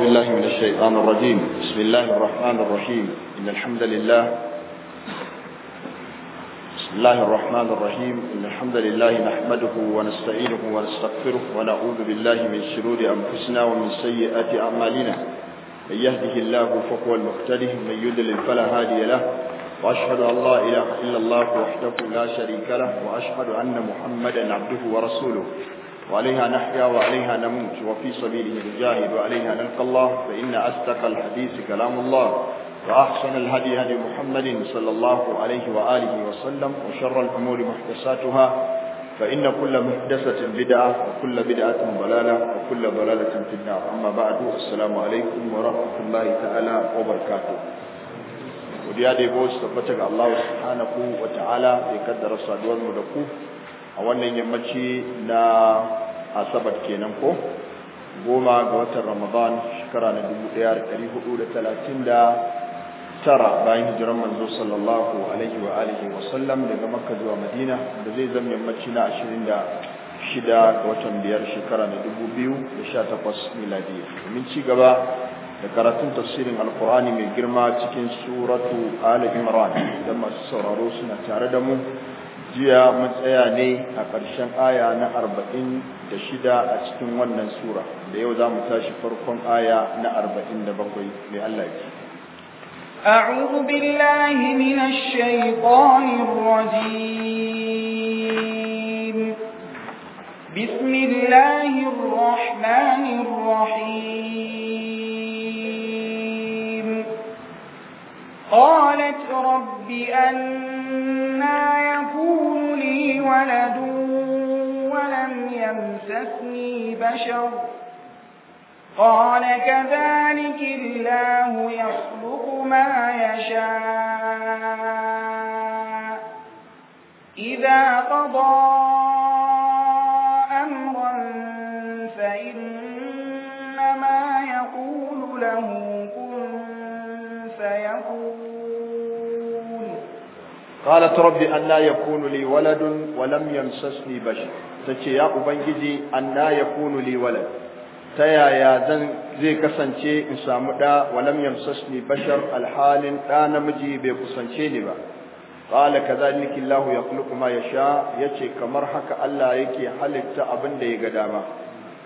بالله من الشيطان الرجيم بسم الله الرحمن الرحيم إن الحمد لله بسم الله الرحمن الرحيم إن الحمد لله نحمده ونستعينه ونستغفره ونعوذ بالله من شرور أنفسنا ومن سيئات أعمالنا من يهده الله فهو المقتده من يضلل فلا هادي له وأشهد أن لا إله إلا الله وحده لا شريك له وأشهد أن محمدا عبده ورسوله وعليها نحيا وعليها نموت وفي سبيله نجاهد وعليها نلقى الله فإن أصدق الحديث كلام الله وأحسن الهدي هدي محمد صلى الله عليه وآله وسلم وشر الأمور محدثاتها فإن كل محدثة بدعة وكل بدعة ضلالة وكل ضلالة في النار أما بعد السلام عليكم ورحمة الله تعالى وبركاته ودي هذه بوز تبتك الله سبحانه وتعالى يقدر الصادوان مدقوه a wannan yammaci na asabar kenan ko goma ga watan ramadan shekara na 1439 bayan hijiran manzo sallallahu alaihi wa alihi wa sallam daga makka zuwa madina da zai zama yammaci na 26 ga watan biyar shekara na 2018 miladi domin ci gaba da karatun tafsirin alkur'ani mai girma cikin suratu ali imran idan masu sauraro suna tare da mu jiya mun tsaya ne a ƙarshen aya na arba'in da shida a cikin wannan sura da yau za mu tashi farkon aya na arba'in da bakwai mai Allah ya ce أعوذ بالله من الشيطان الرجيم بسم الله الرحمن الرحيم قالت رب أنا يكون لي ولد ولم يمسسني بشر قال كذلك الله يخلق ما يشاء إذا قضى قالت ربي أن لا يكون لي ولد ولم يمسسني بشر تتي يا أبنجي أن لا يكون لي ولد تيا يا ذن زي كسنتي إن سامدا ولم يمسسني بشر الحال أنا مجي بكسنتي لبا قال كذلك الله يخلق ما يشاء يتي كمرحك الله يكي حلت أبن لي قداما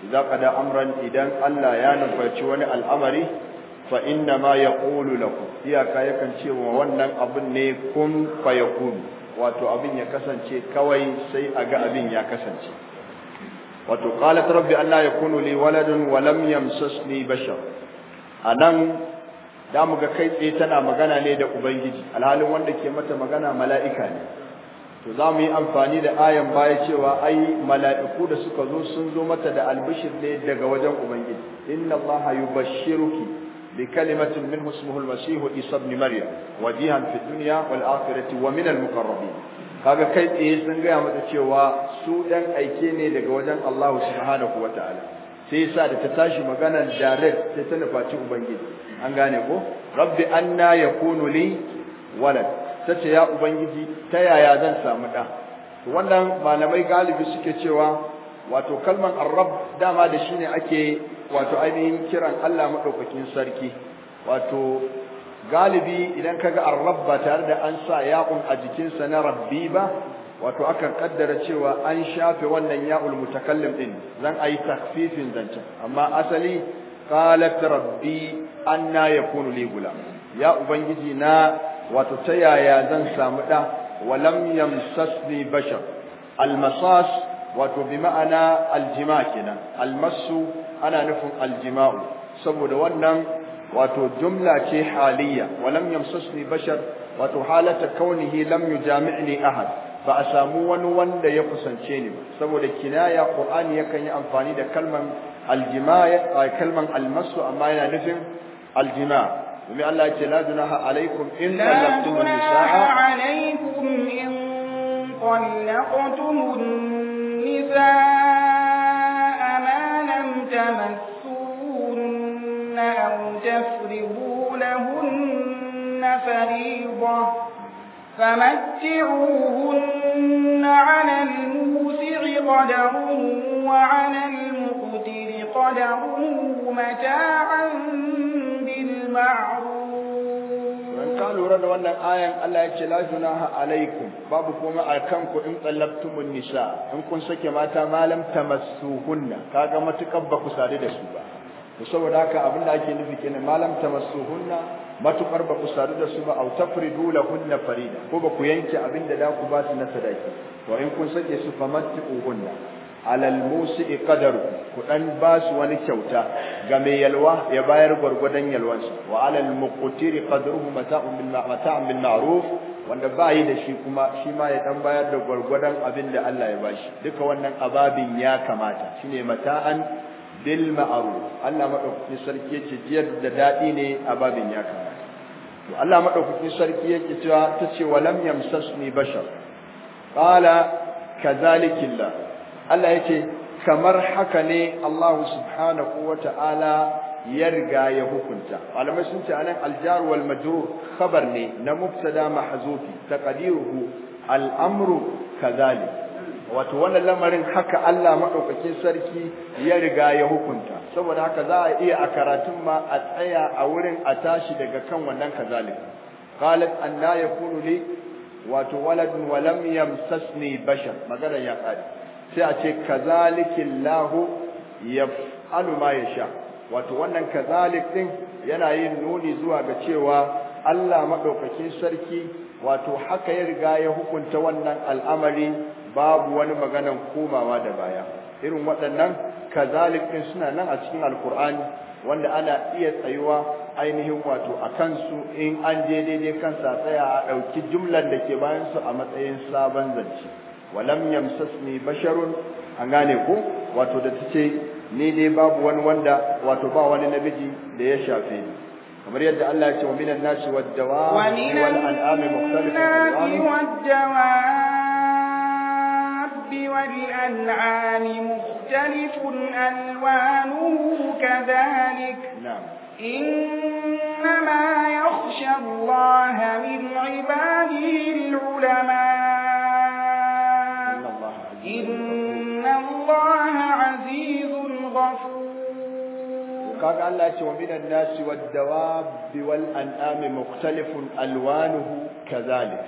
إذا قد أمرا إذا الله يانفع شوان الأمري fa inna ma yaqulu lakum iyaka yakan ce wa wannan abin ne kun fa yakun wato abin ya kasance kawai sai a ga abin ya kasance wato qalat rabbi ya yakunu li waladun wa lam yamsasni bashar anan da mu ga kai tsaye tana magana ne da ubangiji alhalin wanda ke mata magana mala'ika ne to za mu yi amfani da ayan baya cewa ai mala'iku da suka zo sun zo mata da albishir ne daga wajen ubangiji inna allaha yubashshiruki بكلمة منه اسمه المسيح عيسى ابن مريم وجيها في الدنيا والآخرة ومن المقربين kaga kai tsaye sun gaya mata cewa su dan aike ne daga wajen Allahu subhanahu wa ta'ala sai yasa da ta tashi maganar direct sai ta nufaci ubangiji an gane ko rabbi anna yakunu li walad tace ya ubangiji ta yaya zan samu da to wannan malamai galibi suke cewa wato kalman arab dama da shine ake wato ainihin kiran Allah madaukakin sarki wato galibi idan kaga arab ba tare da an sa ya'un a jikinsa na rabbi ba wato akan kaddara cewa an shafe wannan ya'ul mutakallim din zan ayi takfifin zance. amma asali qalat rabbi anna yakunu li gulam ya ubangiji na wato ta yaya zan samu da walam yamsasni bashar almasas wato bi ma'ana aljima kenan almasu ana nufin aljima'u saboda wannan wato jumla ce haliya wa lam bashar wato halata kaunihi lam yujami'ni ahad ba a samu wani wanda ya kusance ni ba saboda kinaya qur'ani yakan yi amfani da kalman aljima'a kalman almasu amma yana nufin aljima'a domin Allah ya ce la junaha alaikum in talaqtum nisaa alaikum in talaqtum النساء ما لم تمسوهن أو تفرضوا لهن فريضة فمتعوهن على الموسع قدره وعلى المقتر قدره متاعا بالمعروف ka lura da wannan ayan Allah ya ce la junaha alaikum babu komai a kanku in tsallabtumun nisa in kun sake mata malam tamassuhunna kaga matukar ba ku sadu da su ba to saboda haka abin da ake nufi kenan malam tamassuhunna matukar ba ku sadu da su ba au tafridu lahunna farida ko ba ku yanke abin da da ku ba su na sadaki to in kun sake su famattuhunna alal musi'i qadaru ku dan ba su wani kyauta ga mai yalwa ya bayar gwargwadon yalwansa wa alal muqtiri qadruhu mata'un bil mata'un bil ma'ruf wanda ba yi da shi kuma shi ma ya dan bayar da gwargwadon abin da Allah ya bashi duka wannan ababin ya kamata shine mata'an bil ma'ruf Allah madaukakin sarki yake jiyar da dadi ne ababin ya kamata to Allah madaukakin sarki yake cewa tace walam yamsasni bashar qala kadhalikillah Allah ya ce kamar haka ne Allah subhanahu wa ta'ala ya riga ya hukunta malamai sun ce anan aljar wal khabar ne na mubtada mahzufi ta al Al'amru, Kazali. wato wannan lamarin haka Allah madaukakin sarki ya riga ya hukunta saboda haka za a iya a karatun ma a tsaya a wurin a tashi daga kan wannan kadhalik na ya kunu ne wato waladun wa lam sasne bashar magana ya kare sai a ce kazalikin Lahu ya yaf'alu ya sha, wato wannan kazalik din yana yin nuni zuwa ga cewa Allah maɗaukakin sarki wato haka ya riga ya hukunta wannan al'amari babu wani maganan komawa da baya irin waɗannan kazalik din suna nan a cikin alkur'ani wanda ana iya tsayuwa ainihin wato a kansu in an je daidai kansa tsaya a ɗauki jumlan da ke bayansu a matsayin sabon zance ولم يمسسني بشر أنغاني كو واتو دتشي نيني باب وان واندا واتو باو النبي دي يشافيني كمرية دي الله يتشي ومن الناس والدواء ومن الناس والدواء والدواب والأنعام مختلف ألوانه كذلك نعم إنما يخشى الله من عباده العلماء إن kaga Allah ce wa minan nasi wad dawab wal an'ami mukhtalifun alwanuhu kazalik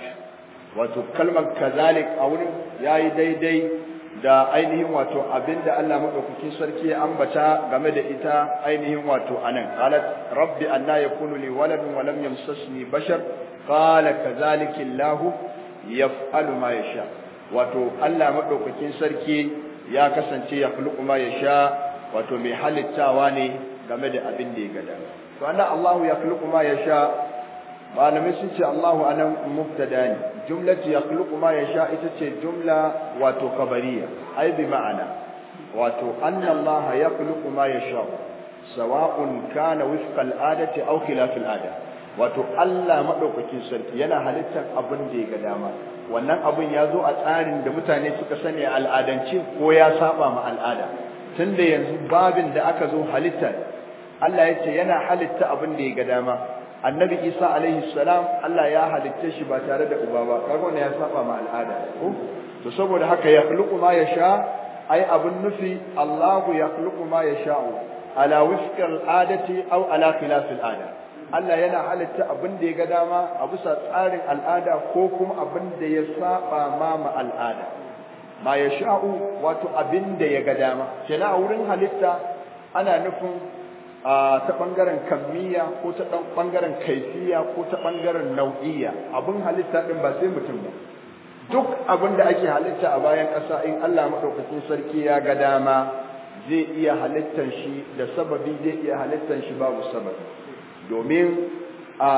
wato kalmar kazalik a wurin yayi daidai da ainihin wato abinda Allah madaukakin sarki ya ambata game da ita ainihin wato anan qalat rabbi anna yakunu li waladun wa lam yamsasni bashar qala kazalika Allah yaf'alu ma yasha' wato Allah maɗaukakin sarki ya kasance ya khluqu ya sha wato mai halittawa ne game da abin da ya gada to anna Allahu ya khluqu ya sha? malamai sun ce Allahu anan mubtada ne jumlatu ya khluqu ya sha ita ce jumla wato kabariya ai bi ma'ana wato anna Allah ya khluqu ma yasha sawa'un kana wifqa al'adati aw khilaf al'ada wato Allah madaukakin sarki yana halittar abin da ya ga dama wannan abin ya zo a tsarin da mutane suka sani a al'adance ko ya saba ma al'ada tunda yanzu babin da aka zo halitta Allah ya ce yana halitta abin da ya ga dama annabi Isa alaihi salam Allah ya halitta shi ba tare da uba ba kaga wannan ya saba ma al'ada ko to saboda haka ya khluqu ma yasha ai abin nufi Allahu ya khluqu ma yasha'u ala wifqi al'adati aw ala khilaf al'ada Allah yana halitta abin da ya ga dama a bisa tsarin al'ada ko kuma abin da ya saba ma ma al'ada ma ya sha'u wato abin da ya ga dama kenan a wurin halitta ana nufin ta bangaren kammiya ko ta bangaren kaifiya ko ta bangaren nau'iya abin halitta ɗin ba sai mutum ba duk abin da ake halitta a bayan ƙasa in Allah maɗaukakin sarki ya ga dama zai iya halittan shi da sababi zai iya halittan shi babu sababi domin a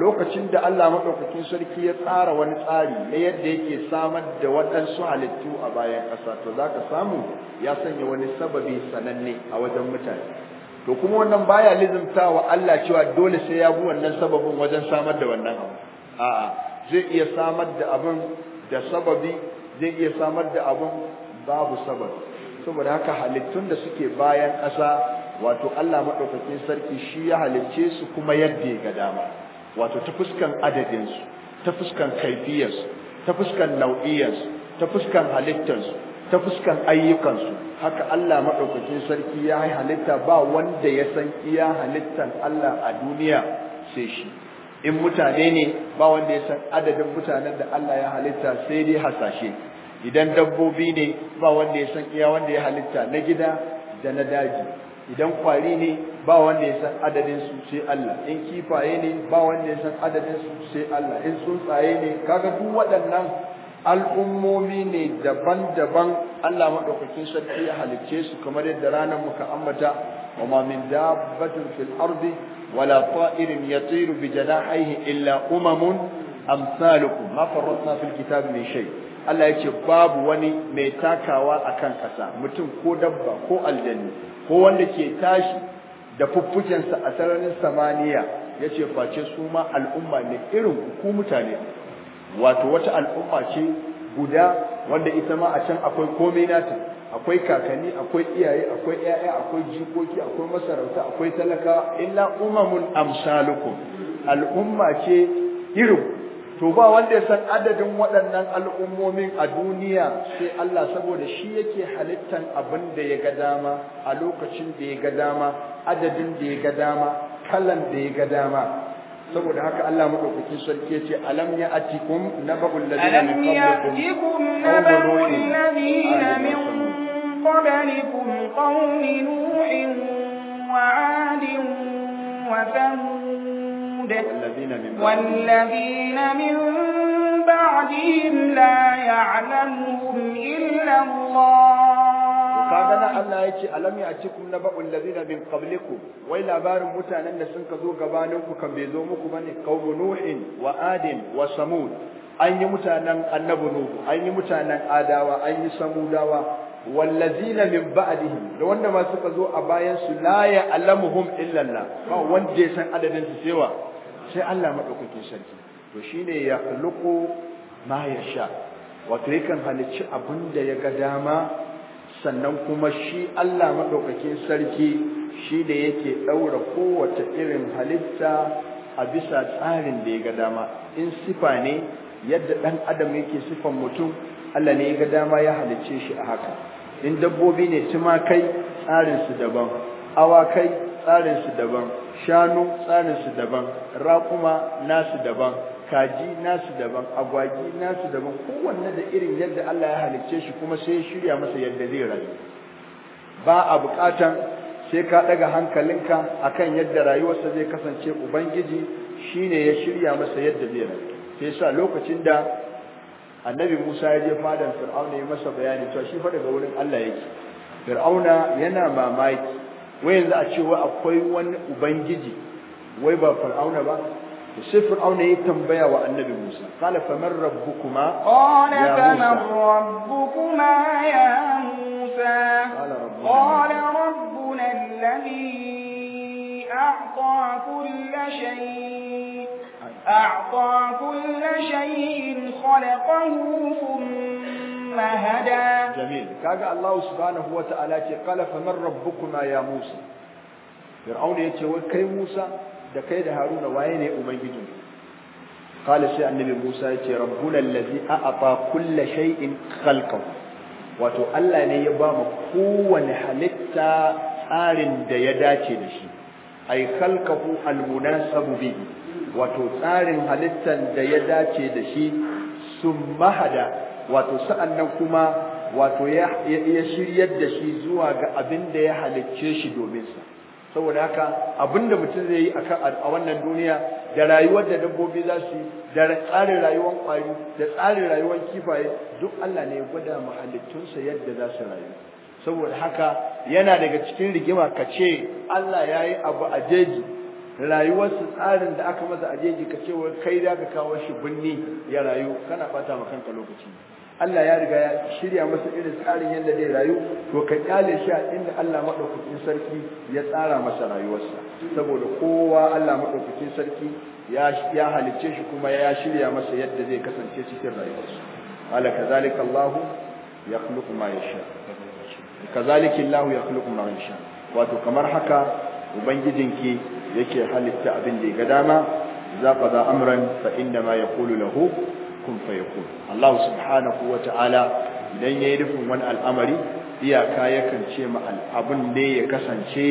lokacin da Allah maɗaukakin sarki ya tsara wani tsari na yadda yake samar da waɗansu halittu a bayan ƙasa to za ka samu ya sanya wani sababi sananne a wajen mutane to kuma wannan baya lizimta wa Allah cewa dole sai ya bi wannan sababin wajen samar da wannan abu a'a zai iya samar da abin da sababi zai iya samar da abin babu sababi saboda haka halittun da suke bayan ƙasa wato Allah madaukakin sarki shi ya halicce su kuma yadda ga dama wato ta fuskan adadinsu, ta fuskan kaifiyarsu ta fuskan nau'iyarsu ta fuskan halittarsu ta fuskan ayyukansu, haka Allah madaukakin sarki ya halitta ba wanda ya san iya halittan Allah a duniya sai shi in mutane ne ba wanda ya san adadin mutanen da Allah ya halitta sai dai hasashe idan dabbobi ne ba wanda ya san iya wanda ya halitta na gida da na daji idan kwari ne ba wanda ya san adadin su sai Allah in kifaye ne ba wanda ya san adadin su sai Allah in tsuntsaye ne kaga duk waɗannan al'ummomi ne daban-daban Allah madaukakin sarki ya halicce su kamar yadda ranar muka ambata wa ma min dabbatin fil ardi wala ta'irin yatiru bi janahihi illa umamun amsalukum ma farratna fil kitabi min shay' Allah yace babu wani mai takawa a kan ƙasa mutum ko dabba ko aljanni ko wanda ke tashi da fuffukensa a sararin samaniya ya ce face su ma al'umma ne irin ku mutane wato wata al'umma ce guda wanda ita ma a can akwai komai nata akwai kakanni akwai iyaye akwai 'ya'ya, akwai jikoki akwai masarauta akwai talaka illa umamun amsalukum al'umma ce irin to ba wanda ya san adadin waɗannan al'ummomin a duniya sai Allah saboda shi yake halittan abin da ya ga dama a lokacin da ya ga dama adadin da ya ga dama kalan da ya ga dama saboda haka Allah madaukaki sarki yace alam atikum naba'ul ladina min qablikum naba'ul ladina min qablikum qawmi nuhin wa 'adin wa thamud بعد والذين من بعدهم لا يعلمهم إلا الله kaga Allah ya ce alam na baul ladina min qablikum wai labarin mutanen da sun ka zo gabanin ku kan bai zo muku bane qaumun nuhin wa adin wa samud an yi mutanen annabi nuhu an yi mutanen adawa an yi samudawa wallazina min ba'dihim da wanda ma suka zo a bayan su la alamuhum illa Allah ba wanda ya san adadin su cewa sai Allah maɗaukakin sarki to shi ne ya khluqu ma ya sha. wato yakan halicci abin da ya ga dama sannan kuma shi Allah maɗaukakin sarki shi ne yake ɗaura kowace irin halitta a bisa tsarin da ya ga dama in sifa ne yadda ɗan adam yake sifan mutum Allah ne ya ga dama ya halicce shi a haka in dabbobi ne tumakai tsarin su daban awakai tsarin su daban shanu tsarinsu daban raƙuma nasu daban kaji nasu daban agwagi nasu daban kowanne da irin yadda Allah ya halicce shi kuma sai ya shirya masa yadda zai rayu ba a buƙatan sai ka ɗaga hankalinka akan yadda rayuwarsa zai kasance ubangiji shine ya shirya masa yadda zai rayu sai sa lokacin da annabi Musa ya je fadan Fir'auna ya masa bayani to shi fa daga wurin Allah yake Fir'auna yana mamaki wai yanzu a cewa akwai wani ubangiji wai ba fir'auna ba sai fir'auna ya tambaya wa annabi Musa qala faman rabbukuma qala faman rabbukuma ya Musa qala rabbuna alladhi a'ta kulla shay a'ta kulla shay'in khalaqahu thumma هدى جميل كاجا الله سبحانه وتعالى قال فمن ربكما يا موسى فرعون wai kai Musa da kai da Haruna waye ne ubangijin Khalid sai annabi Musa yace rabbuna allazi a'ata kulla shay'in khalqahu wato Allah ne ya ba kowane halitta tsarin da ya dace da shi ay khalqahu almunasabu bihi wato tsarin halittan da ya dace da shi sun mahada wato sa'annan kuma wato ya shiryar da shi zuwa ga abin da ya halicce shi domin sa saboda haka abin da mutum zai yi a wannan duniya da rayuwar da dabbobi za su yi da tsarin rayuwar kwari da tsarin rayuwar kifaye duk Allah ne ya gwada mahalittunsa yadda za su rayu saboda haka yana daga cikin rigima ka ce Allah ya yi abu a jeji rayuwarsu tsarin da aka masa a jeji ka ce wai kai da ka kawo shi binni ya rayu kana bata ma kanka lokaci Allah ya riga ya shirya masa irin tsarin yadda zai rayu to ka kyale shi a inda Allah madaukakin sarki ya tsara masa rayuwarsa saboda kowa Allah madaukakin sarki ya ya halicce shi kuma ya shirya masa yadda zai kasance cikin rayuwarsa ala kazalika Allah yakhluqu ma yasha kazalika Allah yakhluqu ma yasha wato kamar haka ubangijinki yake halitta abin da ya ga dama za za amran fa inda ma yaqulu lahu kun fayakun Allah subhanahu wa idan ya yi rufin wani al'amari iyaka yakan ce ma abin ne ya kasance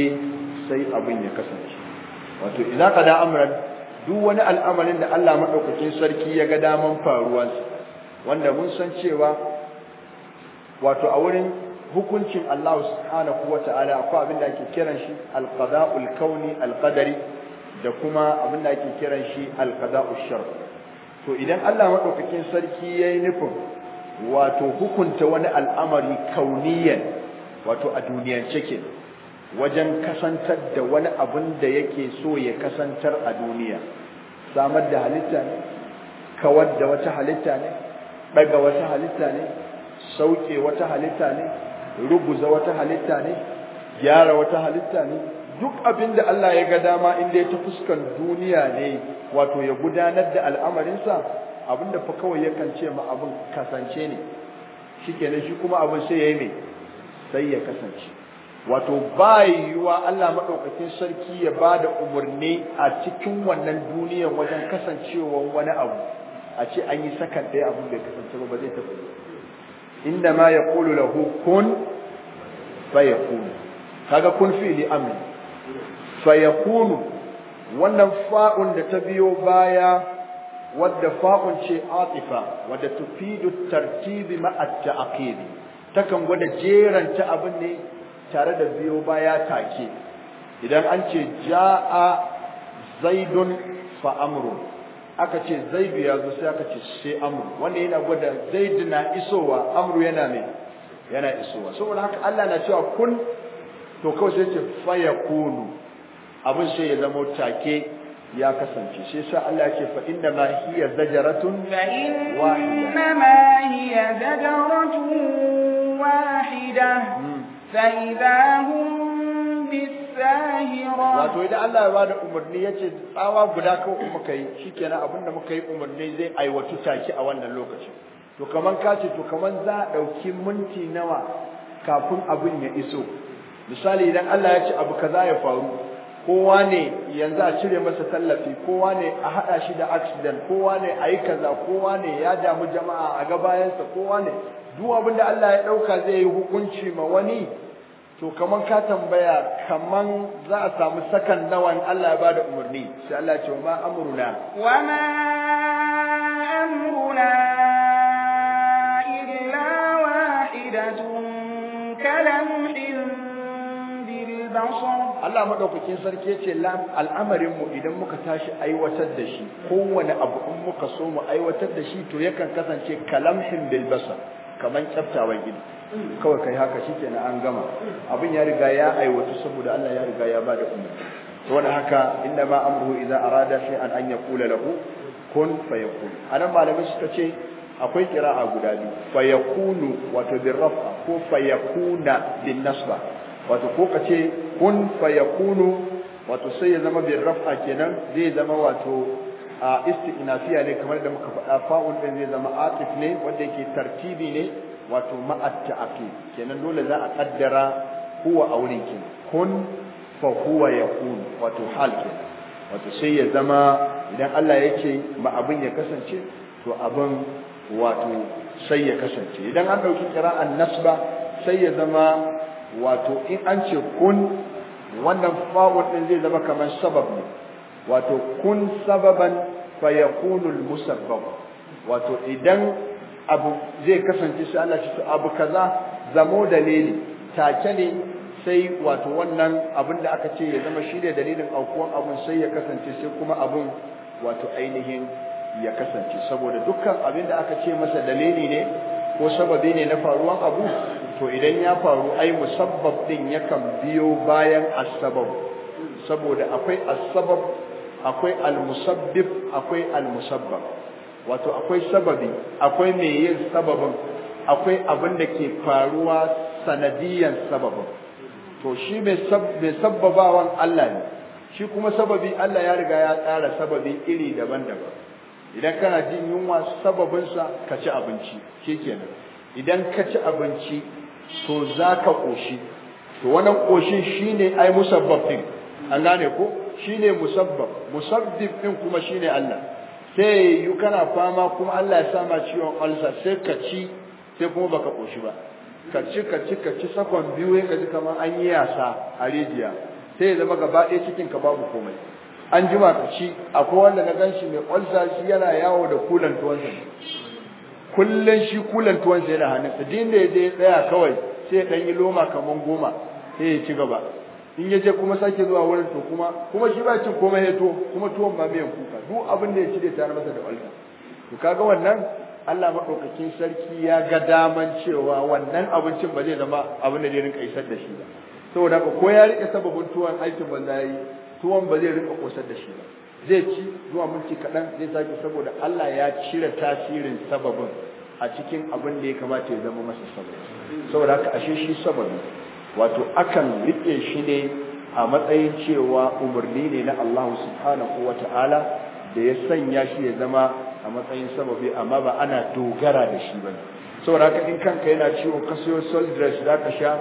sai abin ya kasance wato idan ka da amran duk wani al'amarin da Allah maɗaukakin sarki ya ga daman faruwarsa wanda mun san cewa wato a wurin hukuncin Allah subhanahu wa ta'ala akwai abin da ake kiran shi alqada'ul kauni alkadari da kuma abin da ake kiran shi alqada'ul shar to idan Allah madaukakin sarki yayi nufin wato hukunta wani al'amari kauniyan wato a duniyar cike wajen kasantar da wani abin da yake so ya kasantar a duniya samar da halitta ne kawar da wata halitta ne daga wata halitta ne sauke wata halitta ne ruguza wata halitta ne gyara wata halitta ne duk abin da Allah ya ga dama in dai ta fuskan duniya ne wato ya gudanar da al'amarinsa abinda fa kawai yakan ce ma abin kasance ne shikenan shi kuma abin sai yayi mai sai ya kasance wato ba yiwuwa Allah madaukakin sarki ya bada umarni a cikin wannan duniyar wajen kasancewa wani abu a ce an yi sakan ɗaya abin bai kasance ba zai tafi inda ma ya kulu lahu kun fayakun kaga kun fi'li amri fayakunu wannan fa'un da ta biyo baya wadda fa'un ce atifa wadda tufidu tartibi ma'a Ta takan gwada jeran ta abin ne tare da biyo baya take idan an ce jaa zaidun fa amru aka ce zaidu ya zo sai aka ce sai amru wanda yana gwada zaidu na isowa amru yana ne yana isowa saboda haka Allah na cewa kun to kawai sai ce faya kunu abin sai ya zama take ya kasance shi yasa Allah yake fa inna ma hiya zajaratun fa inna ma hiya zajaratun wahida hmm. fa idahum bisahira wato idan Allah ya bada umarni yace tsawa guda kawai kuma yi shikenan abinda muka yi umarni zai aiwatu take a wannan lokacin to kaman kace to kaman za a dauki minti nawa kafin abin ya iso misali idan Allah ya ce abu kaza ya faru kowa ne yanzu a cire masa tallafi kowa ne a hada shi da accident kowa ne a yi kaza kowa ne ya damu jama'a a ga bayansa kowa ne duk abin da Allah ya dauka zai yi hukunci ma wani to kaman ka tambaya kaman za a samu sakan nawan Allah ya bada umarni sai Allah ya ce ma amruna wa ma amruna illa wahidatun kalamhin Allah madaukakin sarki yace al'amarin mu idan muka tashi aiwatar da shi kowane abu in muka so mu aiwatar da shi to yakan kasance kalamhin bil basar kaman tsaftawa gidi kawai kai haka shikenan an gama abin ya riga ya aiwatu saboda Allah ya riga ya bada umarni to wani haka inna ma amruhu idza arada shay'an an yaqula lahu kun fayakun anan malamai suka ce akwai kira'a guda biyu fayakunu wato bil rafa ko fayakuna bin nasba wato ko ka ce kun kunu? wato sai ya zama bin raf'a kenan zai zama wato a isti'nafiya ne kamar da muka faɗa fa'un ɗin zai zama atif ne wanda yake tartibi ne wato ma'at ta'aqib kenan dole za a kaddara huwa a wurin kenan kun fa huwa kunu wato hal kenan wato sai ya zama idan Allah yake ma abin ya kasance to abin wato sai ya kasance idan an ɗauki kira'an nasba sai ya zama wato in an ce kun wannan fa'ul din zai zama kamar sabab ne wato kun sababan fa musabbab wato idan abu zai kasance sai Allah shi abu kaza zamo dalili take ne sai wato wannan abin da aka ce ya zama shi ne dalilin aukuwan abun sai ya kasance sai kuma abun wato ainihin ya kasance saboda dukkan abin da aka ce masa dalili ne ko sababi ne na faruwan abu to idan ya faru ai musabbab din yakan biyo bayan asbab saboda akwai asbab akwai almusabbib akwai almusabbab wato akwai sababi akwai me yin sababin akwai abin da ke faruwa sanadiyan sababin to shi mai sabbabawan Allah ne shi kuma sababi Allah ya riga ya tsara sababi iri daban-daban idan kana jin yunwa sababinsa ka ci abinci shikenan idan ka ci abinci to za ka ƙoshi to wannan ƙoshin shi ne ai musabbab an gane ko shi ne musabbab musabbib ɗin kuma shi ne Allah sai yi kana fama kuma Allah ya sama ciwon alsa sai ka ci sai kuma baka ƙoshi ba ka ci ka ci ka ci sakon biyu ya ji kamar an yi yasa a rediya. sai ya zama gaba ɗaya cikin ka babu komai an jima ka ci akwai wanda na gan shi mai ƙwalsa shi yana yawo da kulan tuwansa kullun shi kulan tuwon sai da hannunsa din da ya tsaya kawai sai dan yi loma kaman goma sai ya ci gaba in ya je kuma sake zuwa wurin to kuma kuma shi ba cin komai ya to kuma tuwon ba mai kuka duk abin da ya ci da tare masa da walda to kaga wannan Allah madaukakin sarki ya ga daman cewa wannan abincin ba zai zama abin da zai rinka isar da shi ba saboda ko ya rike sababin tuwon aikin banza yi tuwon ba zai rinka kosar da shi ba zai ci zuwa mulki kaɗan zai sake saboda Allah ya cire tasirin sababin a cikin abin da ya kamata ya zama masa sababi saboda haka ashe shi sababi wato akan riƙe shi ne a matsayin cewa umarni ne na Allah subhanahu wa ta'ala da ya sanya shi ya zama a matsayin sababi amma ba ana dogara da shi ba saboda haka in kanka yana ciwo ka sayo soldress za ka sha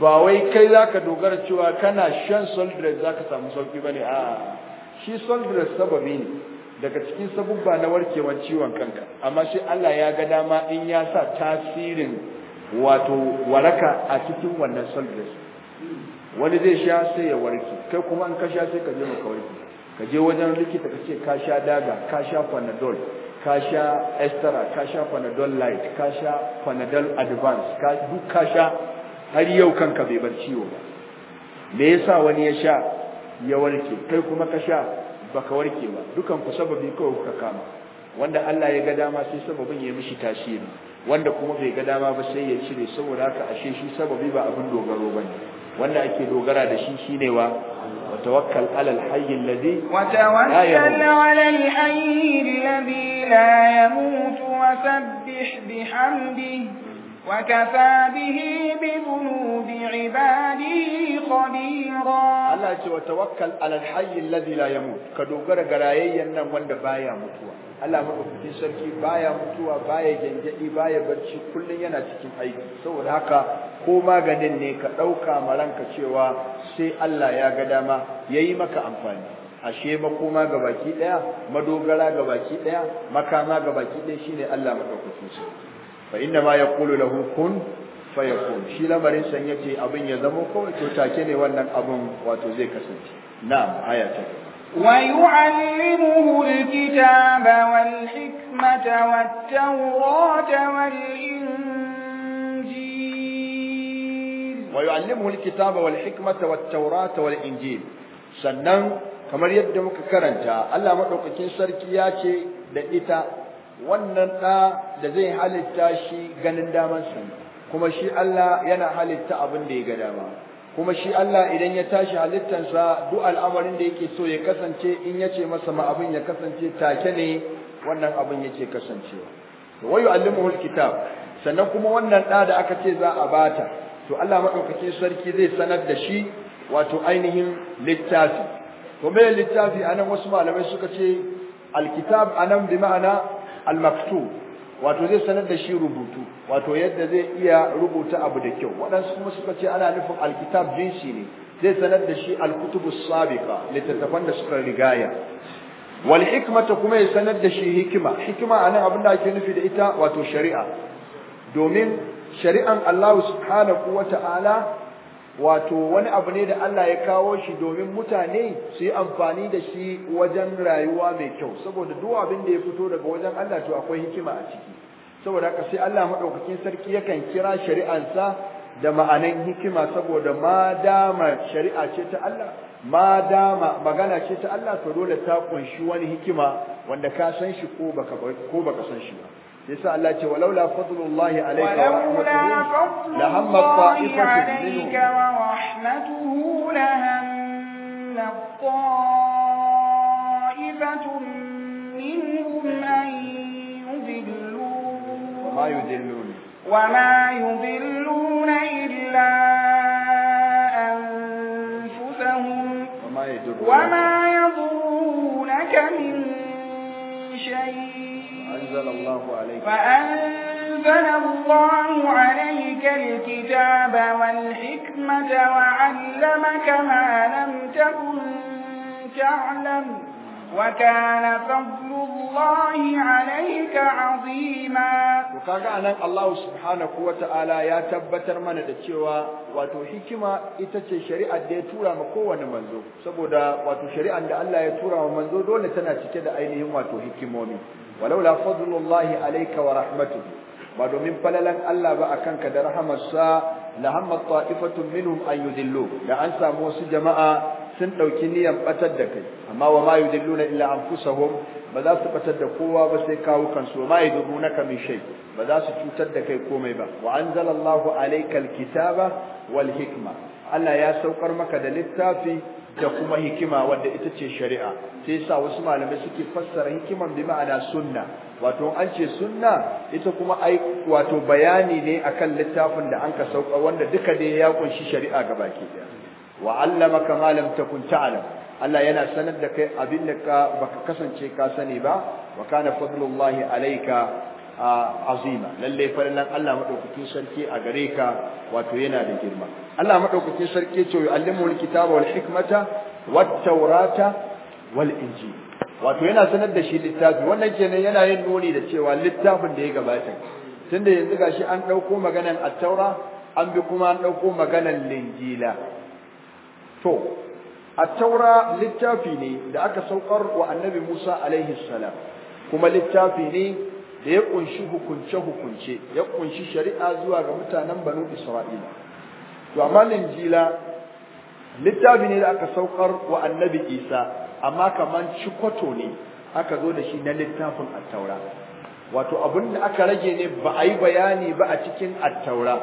ba wai kai za ka dogara cewa kana shan soldiers za ka samu sauki ba ne a'a shi solbres sababi ne daga cikin sabubba na warkewar ciwon kanka amma shi Allah ya ga dama in ya sa tasirin wato waraka a cikin wannan solbres wani zai sha sai ya warke kai kuma an ka sha sai ka je maka warke ka je wajen likita ka ce ka sha daga ka sha panadol ka sha estera ka sha panadol light ka sha panadol advance ka duk ka sha har yau kanka bai bar ciwo ba me yasa wani ya sha ya warke kai kuma ka sha baka warke ba dukan ku sababi kawai kuka kama wanda Allah ya ga dama sai sababin ya mishi tasiri wanda kuma bai ga dama ba sai ya cire saboda haka ashe shi sababi ba abin dogaro bane wanda ake dogara da shi shine wa wa tawakkal ala al-hayy alladhi wa tawakkal ala al-hayy alladhi la yamut wa sabbih bihamdihi وكفى به بذنوب عباده خبيرا الله يتي وتوكل على الحي الذي لا يموت كدوغر غرايين nan wanda baya mutuwa Allah madaukakin sarki baya mutuwa baya gangadi baya barci kullum yana cikin aiki saboda haka ko maganin ne ka ɗauka ma ranka cewa sai Allah ya ga dama ya yi maka amfani ashe makoma ga baki ɗaya, madogara ga baki ɗaya, makama ga baki ɗaya shine Allah madaukakin sarki fa inna ma ya lahu kun fayakun shi lamarin san yace abin ya zama ko to take ne wannan abin wato zai kasance na'am aya ta ويعلمه الكتاب والحكمة والتوراة والإنجيل ويعلمه الكتاب والحكمة والتوراة والإنجيل sannan kamar yadda muka karanta Allah madaukakin sarki ya ce da ita wannan ɗa da zai halitta shi ganin damansa kuma shi Allah yana halitta abin da ya ga dama kuma shi Allah idan ya tashi halittansa duk al'amarin da yake so ya kasance in ya ce masa ma abin ya kasance take ne wannan abin yake kasancewa to wayu allimuhu alkitab sannan kuma wannan ɗa da aka ce za a bata to Allah madaukakin sarki zai sanar da shi wato ainihin littafi to me littafi anan wasu malamai suka ce alkitab anan bi ma'ana al-maktub wato zai sanar da shi rubutu wato yadda zai iya rubuta abu da kyau waɗansu kuma suka ce ana nufin alkitab jinsi ne zai sanar da shi alkutubus sabiqa littattafan da suka rigaya wal hikmata kuma ya sanar da shi hikima hikima anan abin da ake nufi da ita wato shari'a domin shari'an Allah subhanahu wata'ala wato wani abu ne da Allah ya kawo shi domin mutane su yi amfani da shi wajen rayuwa mai kyau saboda duk abin da ya fito daga wajen Allah to akwai hikima a ciki saboda haka sai Allah madaukakin sarki yakan kira shari'ansa da ma'anan hikima saboda ma dama shari'a ce ta Allah ma dama magana ce ta Allah to dole ta kunshi wani hikima wanda ka san shi ko baka ko baka san shi ba yasa Allah ce walaula fadlullahi alayka wa rahmatuhu la hamma ta'ifatu minhum an yudillu وما يدلون وما يضلون إلا أنفسهم وما يضرونك من شيء فأنزل الله عليك فأنزل الله عليك الكتاب والحكمة وعلمك ما لم تكن تعلم وكان فضل الله عليك عظيما وكاغا anan Allah subhanahu wataala ya tabbatar mana da cewa wato hikima ita ce shari'ar da ya tura ma kowane manzo saboda wato shari'ar da Allah ya tura wa manzo dole tana cike da ainihin wato hikimomi walaula fadlullahi alayka wa rahmatu ba domin falalan Allah ba akan ka da rahamarsa la hamma ta'ifatun minhum an yudillu da an samu wasu jama'a sun ɗauki niyan batar da kai amma wa ma yudilluna illa anfusahum ba za su batar da kowa ba sai kawo kansu ma yudurunaka min shay ba za su cutar da kai komai ba wa anzalallahu alayka kitaba wal hikma Allah ya saukar maka da littafi da kuma hikima wanda ita ce shari'a sai sa wasu malamai suke fassara hikiman bi ma'ana sunna wato an ce sunna ita kuma ai wato bayani ne akan littafin da anka sauka wanda duka dai ya kunshi shari'a ga daya wa allamaka ma lam takun ta'lam Allah yana sanar da kai abin da ka baka kasance ka sani ba wa kana fadlullahi alayka azima lalle farlan Allah madaukakin sarki a gare ka wato yana da girma Allah madaukakin sarki ce yu'allimul kitaba wal hikmata wat tawrata wal injil wato yana sanar da shi littafi wannan kenan yana yin nuni da cewa littafin da ya gabata tunda yanzu gashi an dauko maganan at-taura an bi kuma an dauko maganan linjila to at-taura littafi ne da aka saukar wa annabi Musa alaihi salam kuma littafi ne da ya kunshi hukunce hukunce ya kunshi shari'a zuwa ga mutanen banu isra'ila to amma linjila littafi ne da aka saukar wa annabi isa amma kamar cikwato ne aka zo da shi na littafin attaura wato abin da aka rage ne ba a yi bayani ba a cikin attaura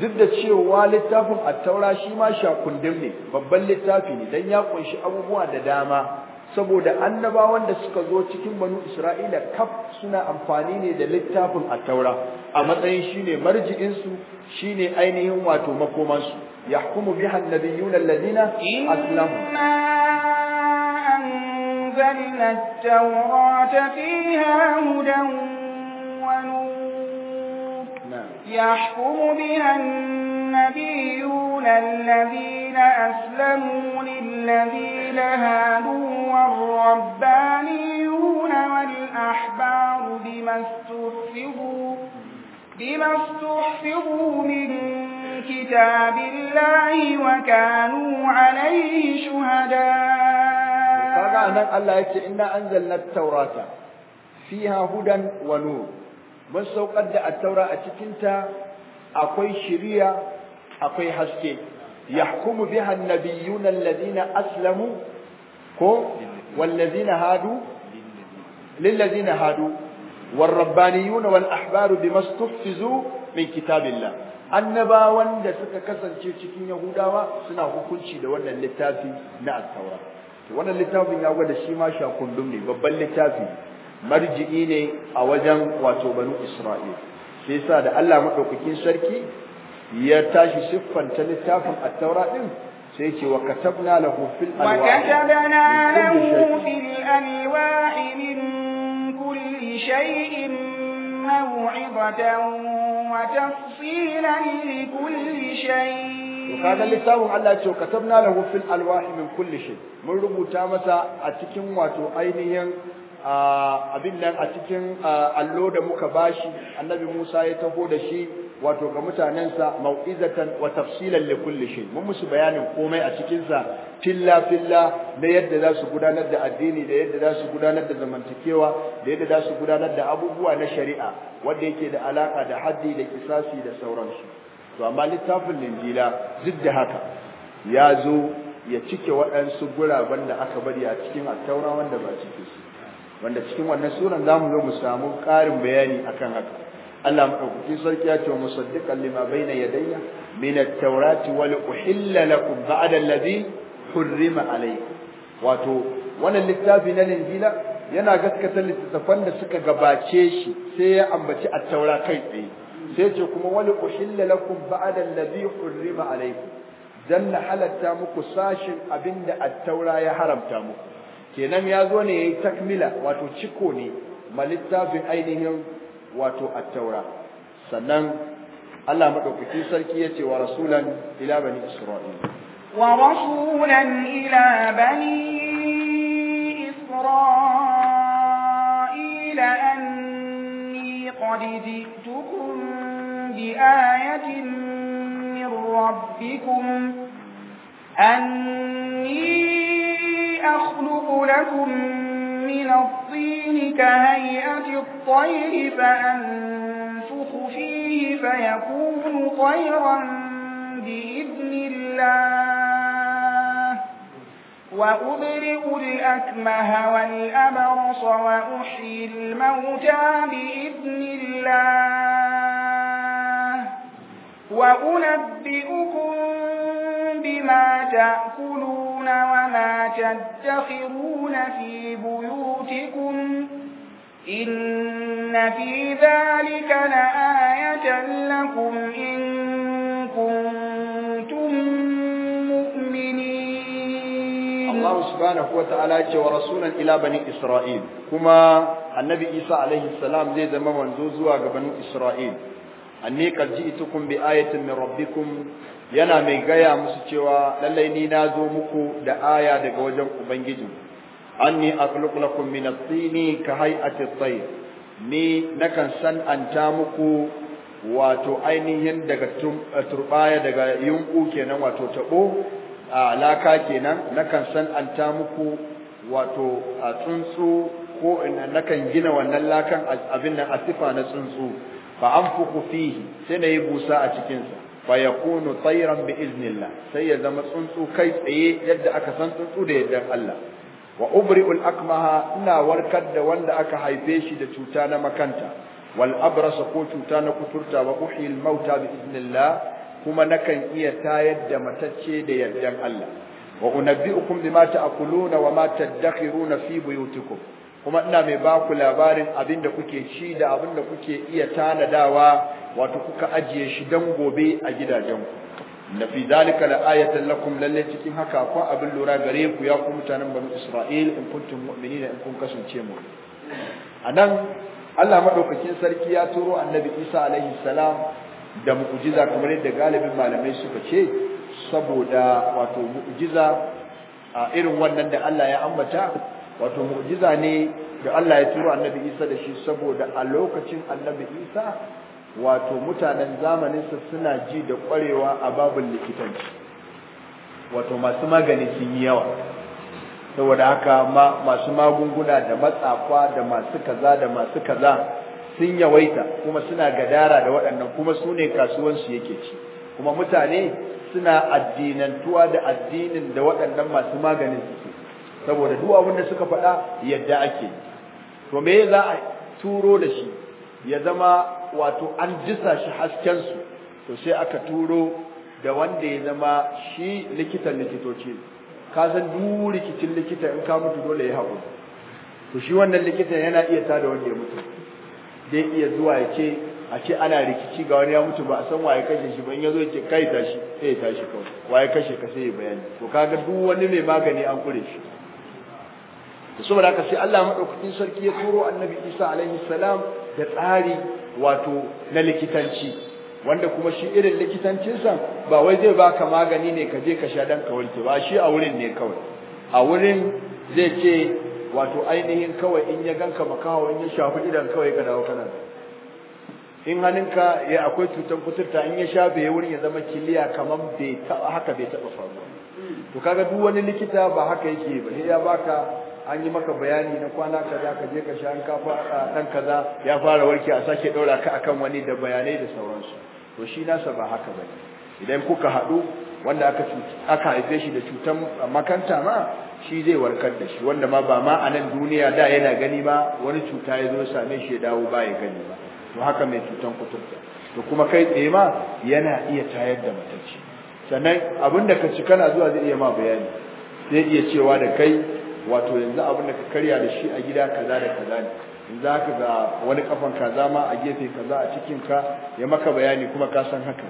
duk da cewa littafin attaura shi ma shakundin ne babban littafi ne don ya kunshi abubuwa da dama saboda annabawan da suka zo cikin banu Isra'ila kaf suna amfani ne da littafin a taura a matsayin shi ne marji'insu shi ne ainihin wato makoman su yahkumu biha an-nabiyyuna alladhina aslamu أنزلنا التوراة فيها هدى ونور يحكم بها الناس النبيون الذين أسلموا للذين هادوا والربانيون والأحبار بما استحفظوا, بما استحفظوا من كتاب الله وكانوا عليه شهداء kaga anan Allah yace inna anzalna at-taurata fiha hudan wa nur akwai shiriya akwai haske yahkumu biha an-nabiyyuna alladhina aslamu ko walladhina hadu lilladhina hadu والربانيون والأحبار بما استحفظوا من كتاب الله annabawan da suka kasance cikin yahudawa suna hukunci da wannan littafi na attaura to wannan littafin ya gwada shi ma kundum ne babban littafi marji'i ne a wajen wato banu isra'il sai yasa da Allah madaukakin sarki ya tashi siffanta littafin at-taura din sai ce wa katabna lahu fil alwa wa katabna lahu fil alwahi min kulli shay'in maw'izatan wa tafsilan li kulli shay'in kaga littafin Allah ce katabna lahu fil alwahi min kulli shay mun rubuta masa a cikin wato ainihin abin nan a cikin allo da muka bashi annabi Musa ya taho da shi wato ga mutanensa mau'izatan wa tafsilan li kulli shay mun musu bayanin komai a cikin sa filla filla na yadda za su gudanar da addini da yadda za su gudanar da zamantakewa da yadda za su gudanar da abubuwa na shari'a wanda yake da alaka da haddi da kisasi da sauransu to amma littafin linjila duk da haka ya zo ya cike waɗansu guraben da aka bari a cikin attaura wanda ba cikin su wanda cikin wannan suran zamu zo mu samu ƙarin bayani akan haka Allah madaukakin sarki ya ce musaddiqan lima baina yadayya min at-taurati wa uhilla lakum ba'da alladhi hurrima alaykum wato wannan littafi na linjila yana gaskatar littattafan da suka gabace shi sai ya ambaci at-taura kai tsaye sai ce kuma wali uhilla lakum ba'da alladhi hurrima alaykum dan na halatta muku sashin abinda at-taura ya haramta muku kenan ya zo ne yayi takmila wato ciko ne ma littafin ainihin wato at-taura sannan Allah madaukaki sarki ce, wa rasulan ila bani isra'il wa rasulan ila bani isra'il anni qad ji'tukum bi ayatin min rabbikum anni akhluqu lakum من الطين كهيئة الطير فأنفخ فيه فيكون طيرا بإذن الله وأبرئ الأكمه والأبرص وأحيي الموتى بإذن الله وأنبئكم بما تأكلون تبدون وما تدخرون في بيوتكم إن في ذلك لآية لكم إن كنتم مؤمنين الله سبحانه وتعالى ورسولا إلى بني إسرائيل كما النبي إيسى عليه السلام زي زمان زوزوا بني إسرائيل أني قد جئتكم بآية من ربكم yana mai gaya musu cewa lallai ni na zo muku da aya daga wajen ubangiji anni akhluqu lakum min at-tini ka hay'ati at-tayr ni nakan ta muku wato ainihin daga eh, turbaya daga yunku kenan wato tabo a laka kenan nakan ta muku wato a tsuntsu ko nakan gina wannan lakan abin nan a sifa na tsuntsu fa anfuku fihi sai na yi busa a cikinsa fa yakunu tayran bi iznillah sai ya zama tsuntsu kai tsaye yadda aka san tsuntsu da yaddan Allah wa ubri'ul akmaha ina warkar da wanda aka haife shi da cuta na makanta wal abras ko cuta na kuturta wa uhyil mauta bi iznillah kuma nakan iya tayar da matacce da yaddan Allah wa unabbi'ukum a kuluna wa ma tadakhiruna fi buyutikum kuma ina mai ba ku labarin abinda kuke ci da abin da kuke iya tanadawa wato kuka ajiye shi dan gobe a gidajenku na fi zalika la ayatan lakum lalle cikin haka ko abin lura gare ku ya ku mutanen banu Isra'il in kuntum mu'minina in kun kasance mu anan Allah madaukakin sarki ya turo Annabi Isa alaihi salam da mu'jiza kamar yadda galibin malamai suka ce saboda wato mu'jiza a irin wannan da Allah ya ambata wato mu'jiza ne da Allah ya turo annabi Isa da shi saboda a lokacin annabi Isa wato mutanen zamanin sa suna ji da kwarewa a babul likitanci wato masu magani sun yi yawa saboda haka ma masu magunguna da matsafa da masu kaza da masu kaza sun yawaita kuma suna gadara da waɗannan kuma su ne kasuwansu yake ci kuma mutane suna addinantuwa da addinin da waɗannan masu maganin su saboda duk abin da suka faɗa yadda ake to me za a turo da shi ya zama wato an jisa shi hasken su to sai aka turo da wanda ya zama shi likitan likitoci ka san duk rikicin likita in ka mutu dole ya haƙu to shi wannan likitan yana iya tada wanda ya mutu dai iya zuwa ya ce a ce ana rikici ga wani ya mutu ba a san waye kashe shi ba in ya zo ya ce kai tashi sai tashi kawai waye kashe ka sai ya bayani to kaga duk wani mai magani an kure shi da saboda haka sai Allah madaukakin sarki ya turo annabi Isa alaihi salam da tsari wato na likitanci wanda kuma shi irin likitancinsa ba wai zai baka magani ne ka je ka sha dan ka wanke ba shi a wurin ne kawai a wurin zai ce wato ainihin kawai in ya ganka makaho in ya shafi idan kawai ka dawo kana in haninka ya akwai cutar kuturta in ya shafe ya wurin ya zama kiliya kamar bai haka bai taba faruwa to kaga duk wani likita ba haka yake ba sai ya baka an yi maka bayani na kwana kaza ka je ka sha an a dan kaza ya fara warke a sake daura ka akan wani da bayanai da sauransu to shi nasa ba haka bane idan kuka hadu wanda aka aka haife shi da cutan makanta ma shi zai warkar da shi wanda ma ba ma a nan duniya da yana gani ba wani cuta ya zo same shi ya dawo ba ya gani ba to haka mai cutan kuturta to kuma kai tsaye ma yana iya tayar da matacci sannan abinda ka ci kana zuwa zai iya ma bayani zai iya cewa da kai wato yanzu abin da ka karya da shi a gida kaza da kaza ne in za ka ga wani kafan kaza ma a gefe kaza a cikin ka ya maka bayani kuma ka san haka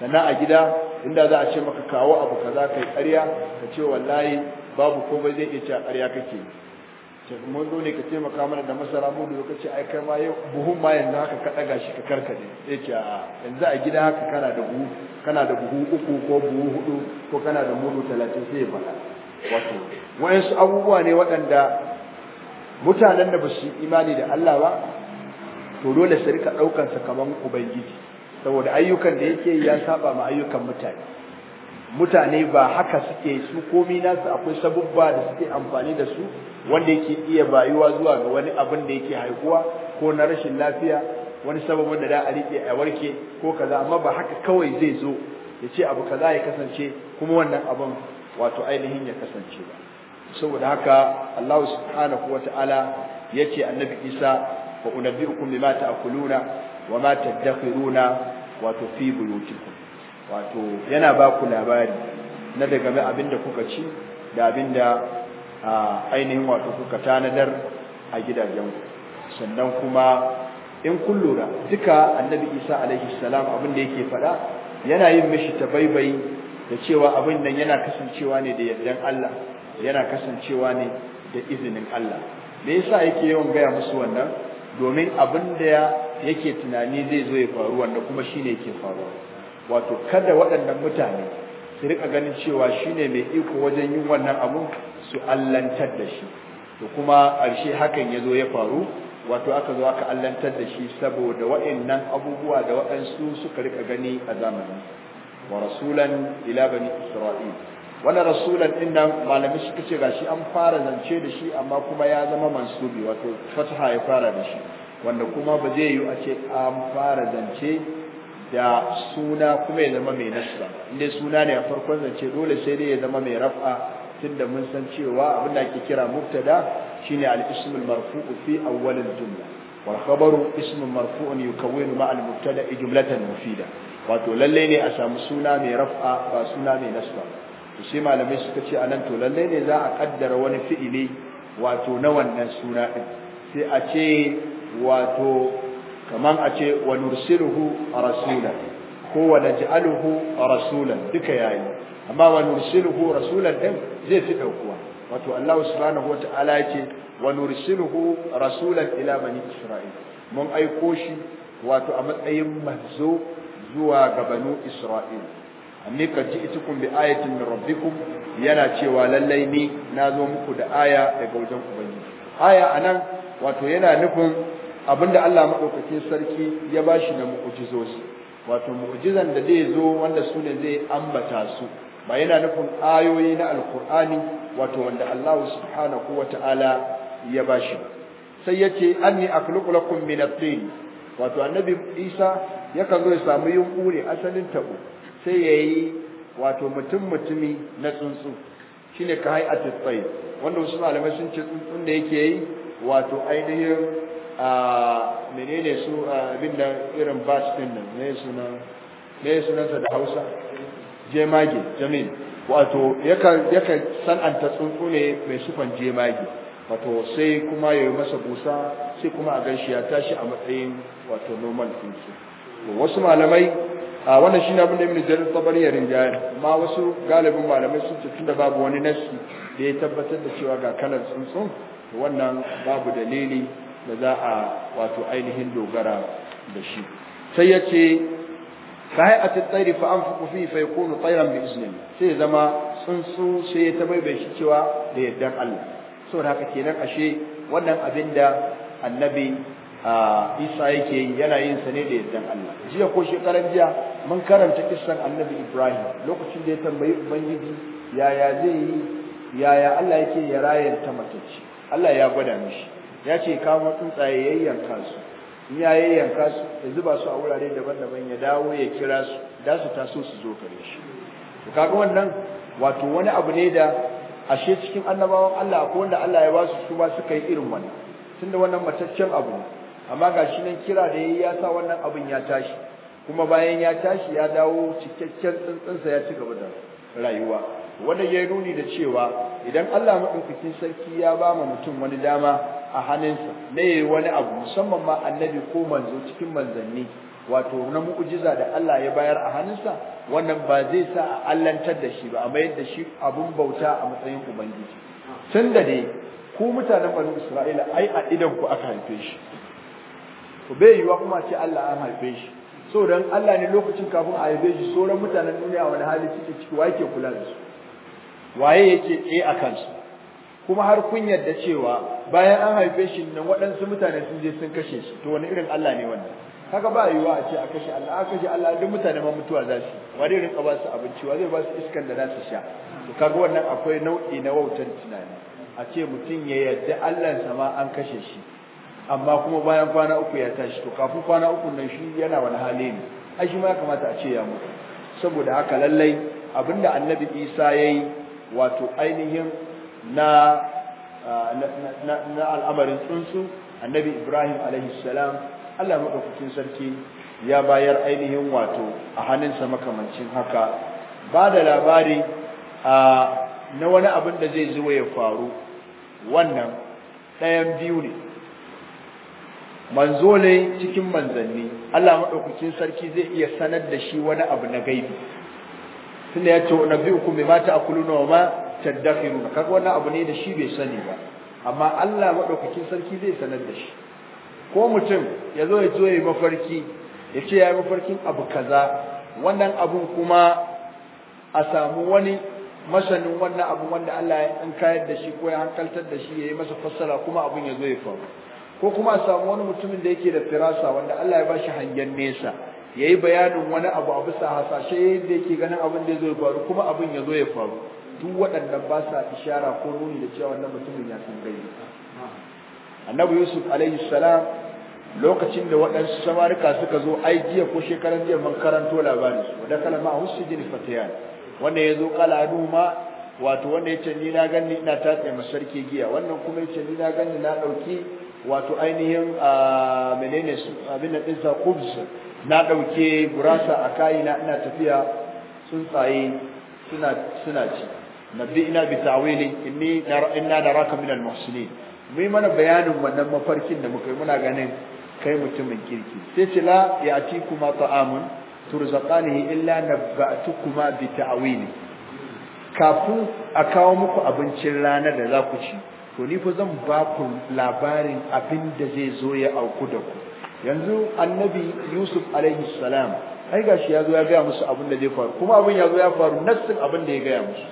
sannan a gida inda za a ce maka kawo abu kaza kai karya ka ce wallahi babu komai zai iya a karya kake ce mun zo ne ka taimaka mana da masara mu da lokaci ai kai ma yau buhun ma yanzu haka ka daga shi ka karkade ce a yanzu a gida haka kana da buhu kana da buhu uku ko buhu hudu ko kana da mudu talatin sai ya ba wato wayansu abubuwa ne waɗanda mutanen da ba su imani da Allah ba to dole su rika ɗaukan sa kaman ubangiji saboda ayyukan da yake ya saba ma ayyukan mutane mutane ba haka suke su komi nasu akwai sabubba da suke amfani da su wanda yake iya bayuwa zuwa ga wani abin da yake haihuwa ko na rashin lafiya wani sababin da da a riƙe a warke ko kaza amma ba haka kawai zai zo ya ce abu kaza ya kasance kuma wannan abin wato ainihin ya kasance ba saboda haka Allah subhanahu wataala yace annabi Isa fa unabbiukum bima ta'kuluna wa ma tadakhiruna wato fi buyutikum wato yana ba ku labari na daga abinda kuka ci da abinda ainihin wato kuka tanadar a gidajenku sannan kuma in kun lura duka annabi Isa alaihi salam abinda yake faɗa yana yin mishi tabaibai da cewa abin nan yana kasancewa ne da yardan Allah yana kasancewa ne da izinin Allah me yasa yake yawan gaya musu wannan domin abin da yake tunani zai zo ya faru wanda kuma shine yake faruwa wato kada waɗannan mutane su rika ganin cewa shine mai iko wajen yin wannan abun su allantar da shi to kuma ƙarshe hakan ya zo ya faru wato aka zo aka allantar da shi saboda waɗannan abubuwa da waɗansu suka rika gani a zamanin wa rasulan ila bani wannan rasulan din nan malami suka ce gashi an fara zance da shi amma kuma ya zama mansubi wato fataha ya fara da shi wanda kuma ba zai yi a ce an fara zance da suna kuma ya zama mai nasra inda suna ne a farkon zance dole sai dai ya zama mai raf'a tunda mun san cewa abin da ake kira mubtada shine al-ismul marfu'u fi awwal jumla wal khabaru ismun marfu'un yukawwinu ma'a al-mubtada jumlatan mufida wato lalle ne a samu suna mai raf'a ba suna mai nasba to sai malamai suka ce anan to lalle ne za a kaddara wani fi'ili wato na wannan suna din sai a ce wato kaman a ce wa nursiluhu rasula ko wa naj'aluhu rasulan duka yayi amma wa nursiluhu rasulan din zai fi daukuwa wato Allah subhanahu wata'ala yake wa nursiluhu rasulan ila bani isra'il mun aiko shi wato a matsayin manzo zuwa ga banu Isra'il anni ka ji'tukum bi ayatin min rabbikum yana cewa lallai ni zo muku da aya daga wajen ubangiji aya anan wato yana nufin abinda Allah madaukakin sarki ya bashi na mu'jizosi wato mu'jizan da zai zo wanda su ne zai ambata su ba yana nufin ayoyi na alkur'ani wato wanda Allah subhanahu wata'ala ya bashi sai yace anni akhluqu lakum min at-tin wato annabi isa yakan zo ya samu yunkure asalin tabo sai ya yi wato mutum mutumi na tsuntsu shine ka hai tsaye wanda wasu malamai sun ce tsuntsun da yake yi wato ainihin a menene su abin da irin bas din nan ne sunan ne sunansa da hausa jemage jamil wato yakan yakan san'anta tsuntsu ne mai sufan jemage wato sai kuma ya yi masa busa sai kuma a ganshi ya tashi a matsayin wato normal ɗinsu wasu malamai a wannan shi ne abin da ibn jarir tabari ya rinjaya amma wasu galibin malamai sun ce tunda babu wani nassi da ya tabbatar da cewa ga kalar tsuntsun wannan babu dalili da za a wato ainihin dogara da shi sai ya ce sahi'atul tsari fa fuku fi fa yakunu tayran bi iznillah sai zama tsuntsu sai ya tabbai shi cewa da yaddan Allah so da haka kenan ashe wannan abin da annabi Isa yake yi yana yin sa ne da yardan Allah jiya ko shekaran jiya mun karanta kissan annabi Ibrahim lokacin da ya tambayi ubangiji yaya zai yi yaya Allah yake ya rayar ta matacci Allah ya gwada mishi ya ce kawo tsuntsaye yayyanka su in ya yayyan su ya zuba su a wurare daban-daban ya dawo ya kira su da su taso su zo kare shi to kaga wannan wato wani abu ne da ashe cikin annabawan Allah akwai wanda Allah ya basu su ba suka yi irin wannan tunda wannan mataccen abu amma gashi nan kira da yayi ya sa wannan abin ya tashi kuma bayan ya tashi ya dawo cikakken sa ya ci gaba da rayuwa wanda ya nuni da cewa idan Allah madaukakin sarki ya ba mu mutum wani dama a hannunsa ne wani abu musamman ma annabi ko manzo cikin manzanni wato na mu'ujiza da Allah ya bayar a hannunsa wannan ba zai sa a allantar da shi ba a mayar da shi abun bauta a matsayin ubangiji tun da dai ku mutanen bani Isra'ila ai a idan ku aka haife shi to bai yiwa kuma ce Allah an haife shi so dan Allah ne lokacin kafin a haife shi sauran mutanen duniya wani hali suke ciki wa yake kula da su waye yake tsaye a kansu kuma har kun yarda cewa bayan an haife shi nan waɗansu mutane sun je sun kashe shi to wani irin Allah ne wannan haka ba yiwa a ce a kashe Allah a kashe Allah duk mutane ma mutuwa za su wa zai rinka ba su abinci wa zai ba su iskan da za su sha to kaga wannan akwai nau'i na wautar tunani a ce mutum ya yarda Allah sa ma an kashe shi amma kuma bayan kwana uku ya tashi to kafin kwana uku nan shi yana wani hali ne ai shi ma ya kamata a ce ya mutu saboda haka lallai abinda annabi Isa yayi wato ainihin ah, na na al'amarin tsuntsu annabi Ibrahim alaihi salam Allah maɗaukakin sarki ya bayar ainihin wato a hannunsa makamancin haka ba da labari a na wani abin da zai zuwa ya faru wannan ɗayan biyu ne manzo cikin manzanni Allah maɗaukakin sarki zai iya sanar da shi wani abu na gaibi tunda ya ce mata a ta'kuluna wa ma nuna kaga wannan abu ne da shi bai sani ba amma Allah maɗaukakin sarki zai sanar da shi ko mutum ya zo ya zo mafarki ya ce ya yi mafarkin abu kaza wannan abun kuma a samu wani masanin wannan abun wanda Allah ya an kayar da shi ko ya hankaltar da shi ya yi masa fassara kuma abun ya zo ya faru ko kuma a samu wani mutumin da yake da firasa wanda Allah ya ba shi hangen nesa ya yi bayanin wani abu a bisa hasashe yadda yake ganin abin da ya zo ya faru kuma abin ya zo ya faru duk waɗannan ba sa ishara ko nuni da cewa wannan mutumin ya san gaibi annabi yusuf alaihi salam lokacin da waɗansu samarika suka zo ai jiya ko shekaran jiya man karanto labarin su da kalama husjin fatiyan wanda ya zo kala ma wato wanda ya ce ni na ganni ina tatse sarki giya wannan kuma ya ce ni na ganni na ɗauki wato ainihin a menene su abin da ɗinsa na ɗauke gurasa a kayina ina tafiya tsuntsaye suna suna ci nabbi ina bi tawili inni inna daraka min al-muhsinin Mu yi mana bayanin wannan mafarkin da muka yi muna ganin kai mutumin kirki sai ce la kuma ta'amun turzaqanihi illa nabba'tukuma bi ta'wili kafin a kawo muku abincin rana da za ku ci to ni fa zan ba ku labarin abin da zai zo ya auku da ku yanzu annabi yusuf alaihi salam ai gashi ya zo ya gaya musu abin da zai faru kuma abin ya zo ya faru nassin abin da ya gaya musu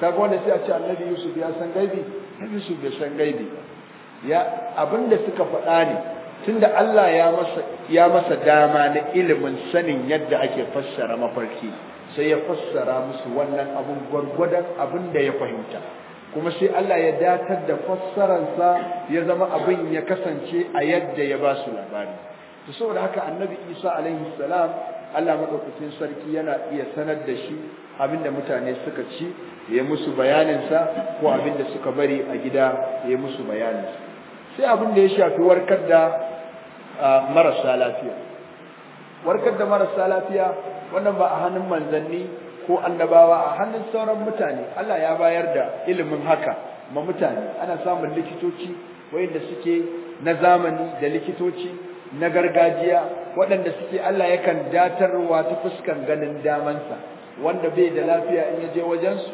kaga wanda sai a ce annabi yusuf ya san gaibi annabi yusuf ya san gaibi ya abinda suka faɗa ne tunda Allah ya masa ya masa dama na ilimin sanin yadda ake fassara mafarki sai ya fassara musu wannan abun gwargwadon abinda ya fahimta kuma sai Allah ya datar da fassararsa ya zama abin ya kasance a yadda ya ba su labari to saboda haka annabi Isa alaihi salam Allah madaukakin sarki yana iya sanar da shi abinda mutane suka ci ya musu bayaninsa ko abin da suka bari a gida ya musu bayaninsa sai abin da ya shafi warkar da marasa lafiya warkar da marasa lafiya wannan ba a hannun manzanni ko annabawa a hannun sauran mutane Allah ya bayar da ilimin haka ma mutane ana samun likitoci wayanda suke na zamani da likitoci na gargajiya waɗanda suke Allah yakan datarwa ta fuskan ganin damansa wanda bai da lafiya in ya je wajensu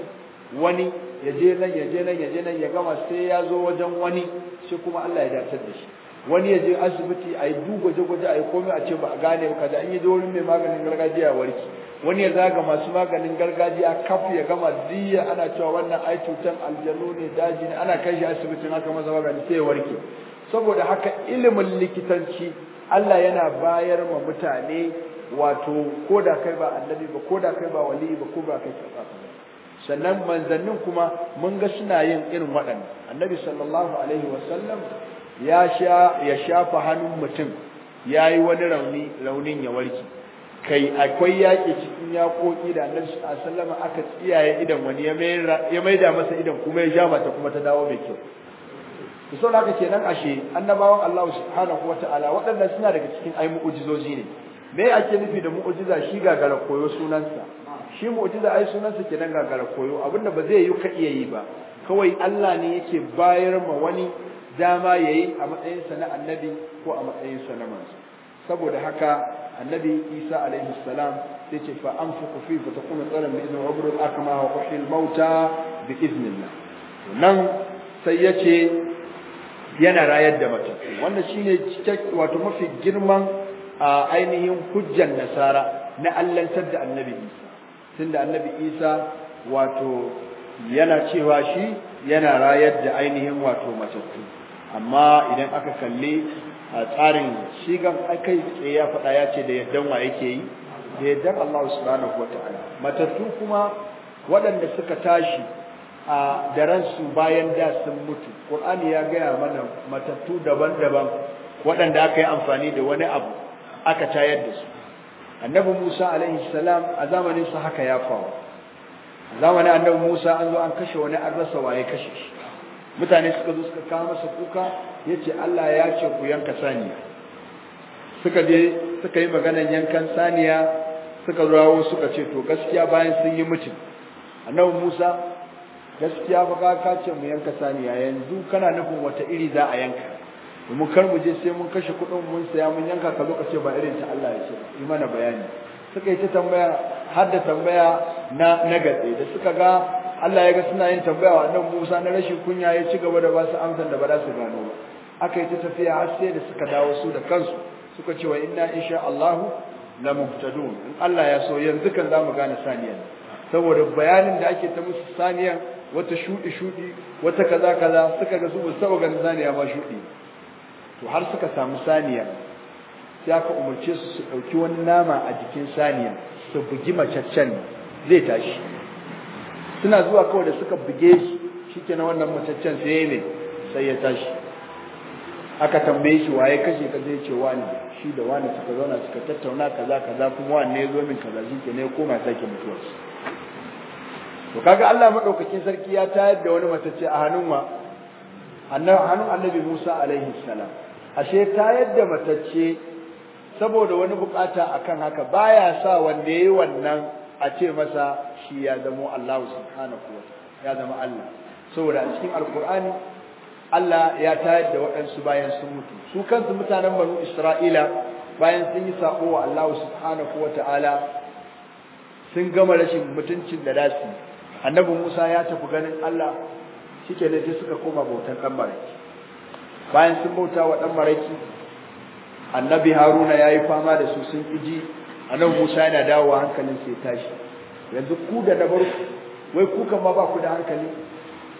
wani ya je nan ya je nan ya je nan ya gama sai ya zo wajen wani sai kuma Allah ya dace da shi wani ya je asibiti a yi duk gwaje-gwaje a yi komai a ce ba a gane ba kaza in yi je wurin mai maganin gargajiya ya warke wani ya zaga masu maganin gargajiya kaf ya gama diya ana cewa wannan ai cutan aljanu ne daji ne ana kai shi asibitin haka masa magani sai ya warke saboda haka ilimin likitanci Allah yana bayar ma mutane wato ko da kai ba annabi ba ko da kai ba wali ba ko ba kai ba sannan manzannin kuma mun ga suna yin irin waɗanda annabi sallallahu alaihi wasallam ya sha ya shafa hannun mutum yayi wani rauni raunin ya warke kai akwai yaƙi cikin yakoki da annabi sallallahu alaihi aka tsiyaye idan wani ya maida masa idan kuma ya shafa ta kuma ta dawo mai kyau to sau haka kenan ashe annabawan Allah subhanahu wataala waɗannan suna daga cikin ai mu'ujizoji ne me ake nufi da mu'ujiza shi gagara koyo sunansa shi mu'jiza ai sunansa kenan gagara koyo abinda ba zai yi ka iya yi ba kawai Allah ne yake bayar ma wani dama yayi a matsayin sa na annabi ko a matsayin sa na manzo saboda haka annabi Isa alaihi salam sai ce fa anfuqu fi fa takunu qalan bi idni rabbil akma wa quhil mauta bi idnillah nan sai yace yana rayar da mace wannan shine wato mafi girman a ainihin hujjan nasara na allantar da annabi Isa tunda annabi Isa wato yana cewa shi yana rayar da ainihin wato matattu amma idan aka kalli a tsarin shi ga kai ya faɗa ya ce da yardan wa yake yi da yardan Allah subhanahu ta'ala matattu kuma waɗanda suka tashi a daren su bayan da sun mutu Qur'ani ya gaya mana matattu daban-daban waɗanda aka yi amfani da wani abu aka tayar da su annabi Musa alaihi salam a zamanin sa haka ya faru zamanin annabi Musa an zo an kashe wani an rasa waye kashe shi mutane suka zo suka kawo masa kuka yace Allah ya ce ku yanka saniya suka je suka yi maganan yankan saniya suka rawo suka ce to gaskiya bayan sun yi mutum annabi Musa gaskiya fa ka ce mu yanka saniya yanzu kana nufin wata iri za a yanka mu kar mu je sai mun kashe kuɗin mun saya mun yanka ka zo ka ce ba irin ta Allah ya ce yi mana bayani suka yi ta tambaya har da tambaya na na gatse da suka ga Allah ya ga suna yin tambaya wa annabi Musa na rashin kunya ya ci gaba da ba su amsan da ba za su gano ba aka yi ta tafiya har sai da suka dawo su da kansu suka ce wa inna insha Allah la muhtadun in Allah ya so yanzu kan zamu gane saniyan saboda bayanin da ake ta musu saniyan wata shudi shudi wata kaza kaza suka ga su ba saboda ganin saniya ba shudi to har suka samu saniya sai aka umarce su su ɗauki wani nama a jikin saniya su bugi macaccen zai tashi suna zuwa kawai da suka buge shi shikenan wannan macaccen sai ne sai ya tashi aka tambaye shi waye kashe ka zai ce wani shi da wani suka zauna suka tattauna kaza kaza kuma wani ya zo min kaza shike ne koma sake mutuwa to kaga Allah madaukakin sarki ya tayar da wani matacce a hannun wa annabi Musa alaihi salam ashe ta yadda matacce saboda wani bukata akan haka baya sa wanda yayi wannan a ce masa shi ya zama Allah subhanahu ya zama Allah saboda a cikin alkur'ani Allah ya tayar da waɗansu bayan sun mutu su kansu mutanen banu Isra'ila bayan sun yi sako wa Allah subhanahu wa sun gama rashin mutuncin da dasu annabi Musa ya tafi ganin Allah shike ne sai suka koma bautan dan bayan sun bauta wa dan maraki annabi haruna yayi fama da su sun kiji annabi musa yana dawowa hankalin sai tashi yanzu ku da na bar wai ku kan ma ba ku da hankali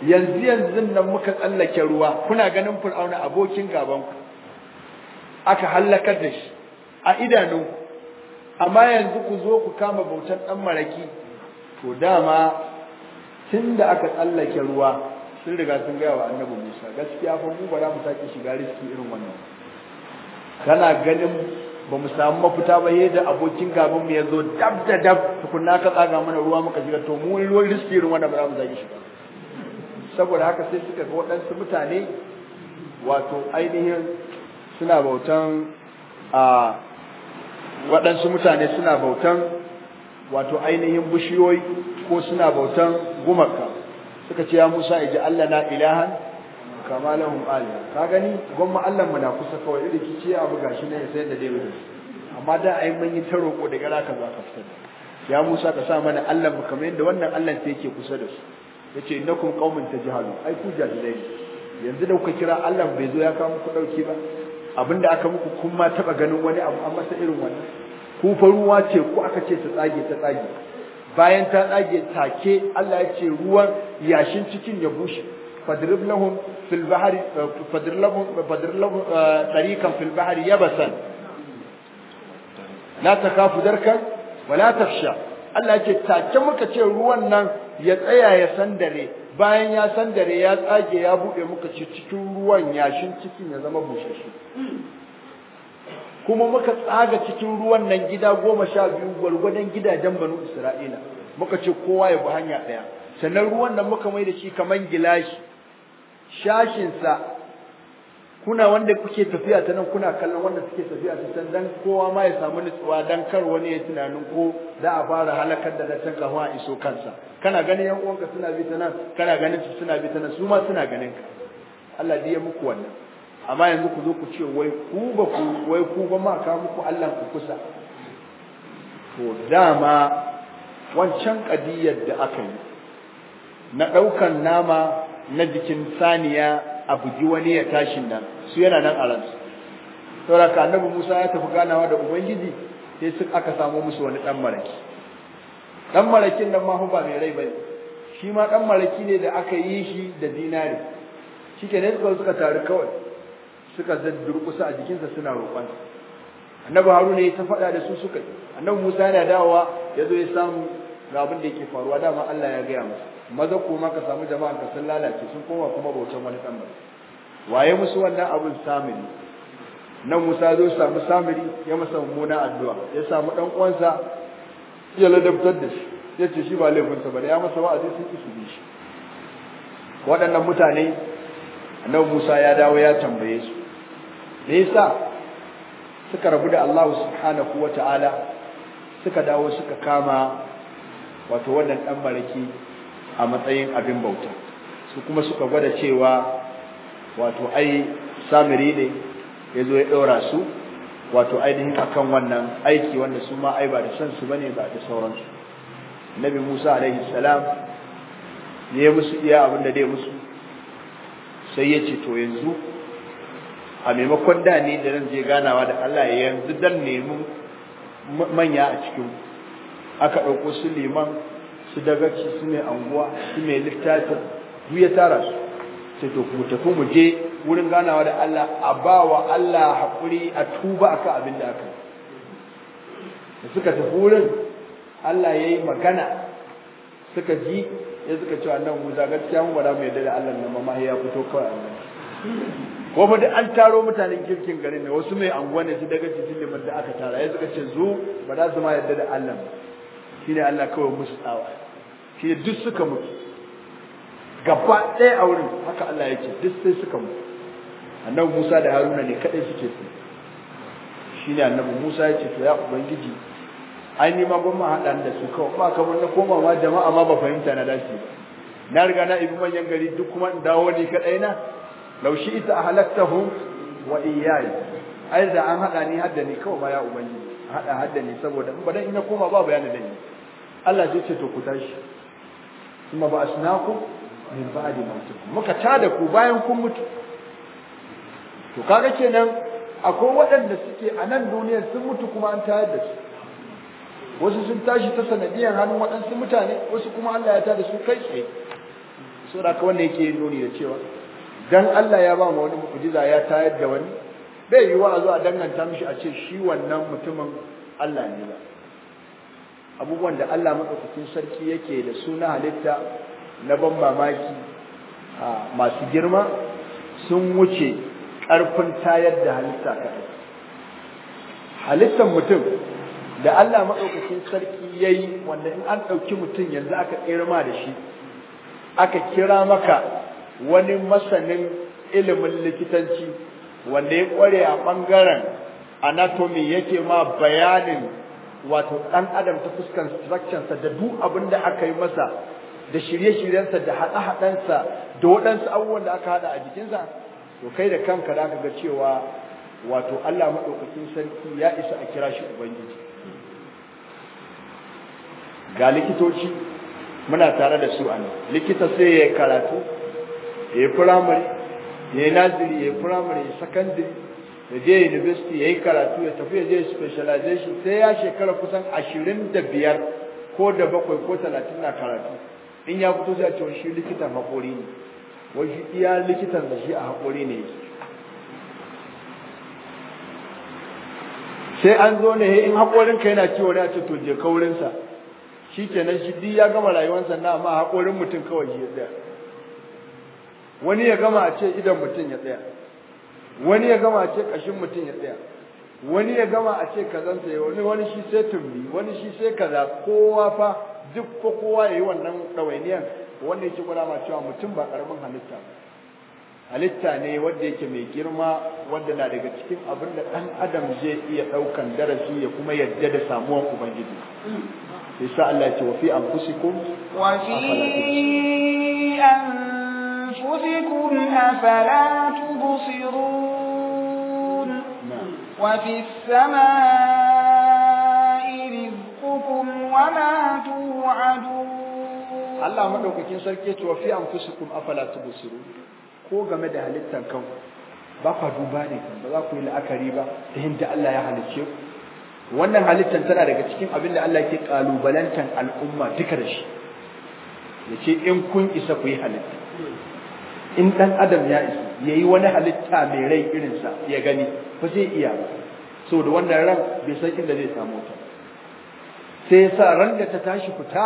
yanzu yanzu nan muka tsallake ruwa kuna ganin fir'auna abokin gaban ku aka halakar da shi a idanu amma yanzu ku zo ku kama bautar ɗan maraki to dama tunda aka tsallake ruwa sun riga sun gaya wa annabi Musa gaskiya fa mu ba za mu sake shiga riski irin wannan kana ganin ba mu samu mafita ba yadda abokin gaban mu ya zo dab da dab tukunna ka tsaga mana ruwa muka shiga to mu ruwa riski irin wannan ba za mu sake shiga saboda haka sai suka ga waɗansu mutane wato ainihin suna bautan a waɗansu mutane suna bautan wato ainihin bushiyoyi ko suna bautan gumaka suka ce ya Musa ya ji Allah na ilahan kama lahum aliya ka gani gwamma Allah mu na kusa kawai da kici buga shi ne sai da dai amma da ai mun yi ta roko daga ka za ka fita. ya Musa ka sa mana Allah mu kamar yadda wannan Allah sai yake kusa da su yace innakum qaumun tajhalu ai ku jahilai yanzu da kuka kira Allah bai zo ya kawo muku dauki ba abinda aka muku kun ma taba ganin wani abu an masa irin wannan ku faruwa ce ku aka ce ta tsage ta tsage bayan ta tsage take Allah ya ce ruwan yashin cikin ya bushe fadrib fil bahri fadrib lahum eh, tariqan fil bahri yabasan la takafu darkan tafsha Allah ya ce take muka ce ruwan nan ya tsaya ya sandare bayan ya sandare ya tsage ya bude muka ce cikin ruwan yashin cikin ya zama bushe shi kuma muka tsaga cikin ruwan nan gida goma sha biyu gwargwadon gidajen banu isra'ila muka ce kowa ya bi hanya ɗaya sannan ruwan nan muka mai da shi kamar gilashi shashinsa kuna wanda kuke tafiya ta nan kuna kallon wanda suke tafiya ta can dan kowa ma ya samu nutsuwa dan kar wani ya tunanin ko za a fara halakar da na can kafin a iso kansa kana ganin yan uwanka suna bi ta nan kana ganin su suna bi ta nan su ma suna ganin ka Allah ya muku wannan amma yanzu ku zo ku ce wai ku ba ku wai ku ba ma ka muku Allah ku kusa to dama wancan kadiyar da aka yi na daukan nama na jikin saniya a bugi wani ya tashi nan su yana nan a ransu saboda annabi Musa ya tafi ganawa da ubangiji sai su aka samo musu wani dan maraki dan marakin nan ma ba mai rai bane shi ma dan maraki ne da aka yi shi da dinari shike ne suka suka taru kawai suka durƙusa a jikinsa suna roƙon annabi haruna ya ta faɗa da su suka yi annabi musa yana dawowa ya zo ya samu ga abin da yake faruwa dama allah ya gaya masa maza kuma ka samu jama'a ka sun lalace sun koma kuma bautan wani ɗan waye musu wannan abin samiri nan musa zo ya samu samiri ya masa mummuna addu'a ya samu ɗan uwansa ya ladabtar da shi ya ce shi ba laifinsa ba da ya masa wa'azi sun ki su bi shi waɗannan mutane annabi musa ya dawo ya tambaye su me yasa suka rabu da Allah subhanahu Ta'ala suka dawo suka kama wato wannan dan baraki a matsayin abin bauta su kuma suka gwada cewa wato ai samiri ne yazo ya daura su wato ainihin akan wannan aiki wanda su ma ai ba da san su bane ba da sauransu Nabi Musa alaihi salam ne musu iya abin da dai musu sai ya ce to yanzu a maimakon da ne da zan je ganawa da Allah ya yanzu dan nemi manya a cikin aka ɗauko su liman su dagaci su mai anguwa su mai littafin duk ya tara su sai to ku tafi mu je wurin ganawa da Allah a ba wa Allah haƙuri a tuba aka abin da aka da suka tafi wurin Allah ya yi magana suka ji ya suka cewa nan mu gaskiya mu ba mu yarda da Allah nan ma ya fito kawai ko fa an taro mutanen kirkin garin ne wasu mai anguwan ne su daga cikin da da aka tara ya suka ce zo ba za su ma yadda da Allah shi ne Allah kawai musu tsawa shi ne duk suka mutu gaba ɗaya a wurin haka Allah ya ce duk sai suka mutu annabi Musa da Haruna ne kaɗai suke su shi ne annabi Musa ya ce to ya ubangiji ai ni ma gwamma ma haɗa da su kawai ba kamar na koma ma jama'a ma ba fahimta na dace na riga na ibi manyan gari duk kuma in dawo ni kadai na law shi'ta ahlaktahum wa iyyai ai da an hada ni hadda ni kawai ma ya ubangiji hada hadda ni saboda ba badan in ya koma ba bayani da ni Allah zai ce to ku tashi kuma ba asnaku min ba'di mautukum muka tada ku bayan kun mutu to kaga kenan akwai waɗanda suke a nan duniya sun mutu kuma an tayar da su wasu sun tashi ta sanadiyar hannun waɗansu mutane wasu kuma Allah ya tada su kai tsaye saboda haka wanda yake nuni da cewa dan Allah ya ba mu wani mu'jiza ya tayar da wani bai yi wa a zo a danganta mishi a ce shi wannan mutumin Allah ne ba abubuwan da Allah madaukakin sarki yake da suna halitta na ban mamaki masu girma sun wuce ƙarfin tayar da halitta kaɗai Halittan mutum da Allah maɗaukakin sarki ya yi wanda in an ɗauki mutum yanzu aka ƙirma da shi aka kira maka wani masanin ilimin likitanci wanda ya kware a ɓangaren anatomy yake ma bayanin wato dan adam ta fuskan structure da duk abin da aka yi masa da shirye-shiryensa da haɗe-haɗensa da waɗansu abubuwan da aka haɗa a jikinsa to kai da kanka da ga cewa wato Allah maɗaukakin sarki ya isa a kira shi Ubangiji ga likitoci muna tare da su a nan likita sai ya karatu ya yi firamare ya yi naziri ya yi firamare ya sakandare ya je university ya yi karatu ya tafi ya je specialization sai ya shekara kusan ashirin da biyar ko da bakwai ko talatin na karatu in ya fito sai a ce shi likitan haƙori ne wani iya likitan da shi a haƙori ne sai an zo ne in ka yana ciwo ne a ce to je kaurinsa shi kenan shi duk ya gama rayuwarsa na amma haƙorin mutum kawai ya tsaya wani ya gama a ce idan mutum ya tsaya wani ya gama a ce kashin mutum ya tsaya wani ya gama a ce kazansa ya wani wani shi sai tumbi wani shi sai kaza kowa fa duk ko kowa ya yi wannan ɗawainiyan wanda yake gwada ma cewa mutum ba ƙaramin halitta halitta ne wanda yake mai girma wanda na daga cikin abin da ɗan adam zai iya ɗaukan darasi ya kuma yadda da samuwan ubangiji sai sa Allah ya ce wa fi anfusikum wa fi أنفسكم أفلا تبصرون وفي السماء رزقكم وما توعدون الله مدوك كين سركيت وفي أنفسكم أفلا تبصرون ko game da halittar kanku ba kwa duba ne ba za ku yi la'akari ba ta hinta Allah ya halicce ku wannan halittar tana daga cikin abin da Allah ke kalubalantar al'umma duka da shi ya ce in kun isa ku yi halitta in ɗan adam ya isu yi wani halitta mai rai irinsa ya gani ba zai iya ba da wannan ran bai san inda zai samu ta sai sa ran da ta tashi fita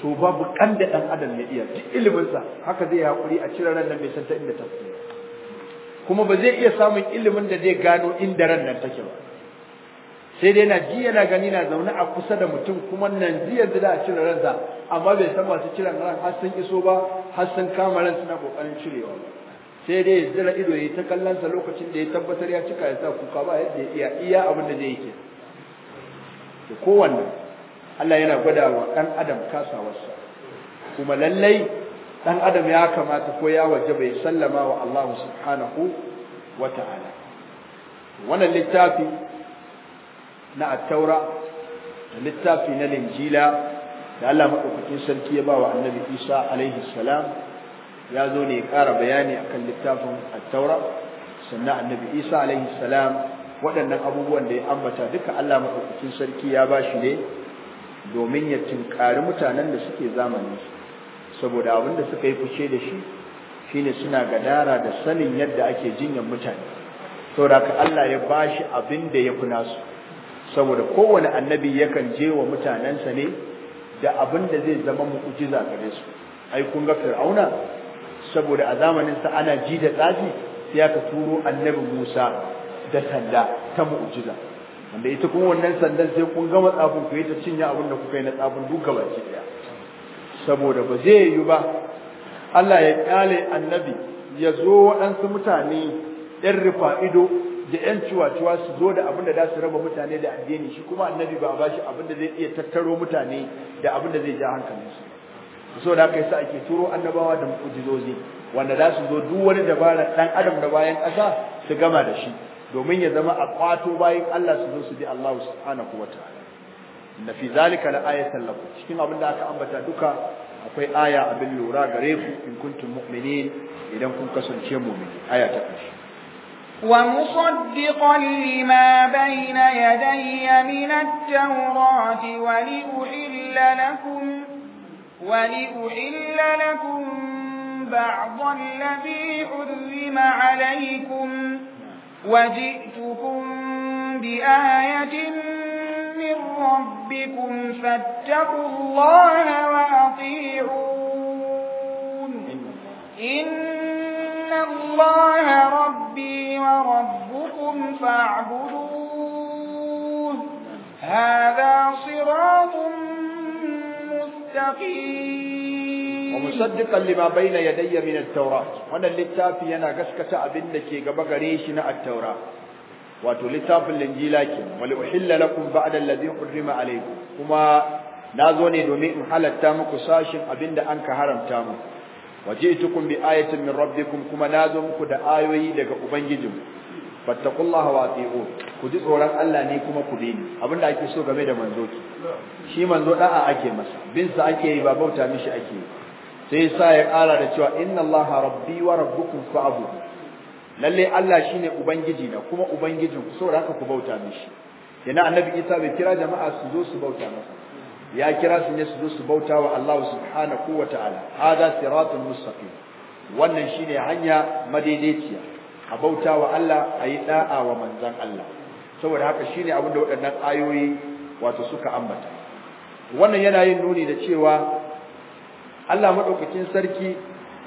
to babu kan da dan adam ya iya duk iliminsa haka zai hakuri a cire ran nan bai san ta inda ta kuma ba zai iya samun ilimin da zai gano inda ran nan take ba sai dai na ji yana gani na zaune a kusa da mutum kuma nan ji yanzu da a cire ransa amma bai san masu cire ran har sun iso ba har sun kama ran suna kokarin cirewa sai dai ya zira ido ya ta kallon sa lokacin da ya tabbatar ya cika ya sa kuka ba yadda ya iya abin da zai yi to kowanne Allah yana gwada wa dan adam kasawarsa kuma lallai dan adam ya kamata ko ya waje bai sallama wa Allah subhanahu wa ta'ala wannan littafi na attaura da littafi na linjila da Allah madaukakin sarki ya bawa annabi Isa alaihi salam ya zo ne ya ƙara bayani akan littafin attaura sannan annabi Isa alaihi salam waɗannan abubuwan da ya ambata duka Allah madaukakin sarki ya bashi ne domin ya tinkari mutanen da suke zamani saboda abin da suka yi fice da shi shine suna gadara da sanin yadda ake jinyan mutane saboda Allah ya bashi abinda da ya fi nasu saboda kowane annabi yakan je wa mutanensa ne da abin da zai zama mu'ujiza gare su ai kun ga fir'auna saboda a zamanin sa ana ji da tsafi sai aka turo annabi Musa da sanda ta mu'ujiza wanda ita kuma wannan sandan sai kun gama tsafin ku ta cinye abin da kuka yi na tsafin duk gaba ce daya saboda ba zai yi ba Allah ya kyale annabi ya zo waɗansu mutane ɗan rufa ido da yan ciwaciwa su zo da abin da za su raba mutane da addini shi kuma annabi ba ba shi abin da zai iya tattaro mutane da abin da zai ja hankalinsu so da kai yasa ake turo annabawa da mu'jizozi wanda za su zo duk wani dabara dan adam da bayan ƙasa su gama da shi domin ya zama a kwato bayan Allah su zo su bi Allah subhanahu wataala inna fi zalika la ayatan lakum cikin abin da aka ambata duka akwai aya abin lura gare ku in kuntum mu'minin idan kun kasance mu'mini aya ta ƙarshe ومصدقا لما بين يدي من التوراة ولأحل لكم ولأحل لكم بعض الذي حرم عليكم وجئتكم بآية من ربكم فاتقوا الله وأطيعون الله ربي وربكم فاعبدوه هذا صراط مستقيم ومصدقا لما بين يدي من التوراة وانا اللي انا قسكت ابنك قبق ريشنا التوراة واتو لتاف الانجيلات ولأحل لكم بعد الذي حرم عليكم وما نازوني دومي محل التامك ساشن ابن انك هرم تامك waji'tukum bi ayatin min rabbikum kuma zo muku da ayoyi daga ubangijinku fattaqullaha wa ati'u ku ji tsoron Allah ne kuma ku bi da ake so game da manzo shi manzo da'a ake masa bin ake yi ba bauta mishi ake yi sai yasa ya ƙara da cewa inna Allaha rabbi wa rabbukum fa'budu lalle Allah shine ubangiji na kuma ubangijinku saboda haka ku bauta mishi Ina annabi ita bai kira jama'a su zo su bauta masa ya kira su ne su zo su bauta wa Allah subhanahu wa ta'ala hada siratul mustaqim wannan shine hanya madaidaiciya a bauta wa Allah a yi da'a wa manzon Allah saboda haka shine abin da waɗannan ayoyi wato suka ambata wannan yana yin nuni da cewa Allah madaukakin sarki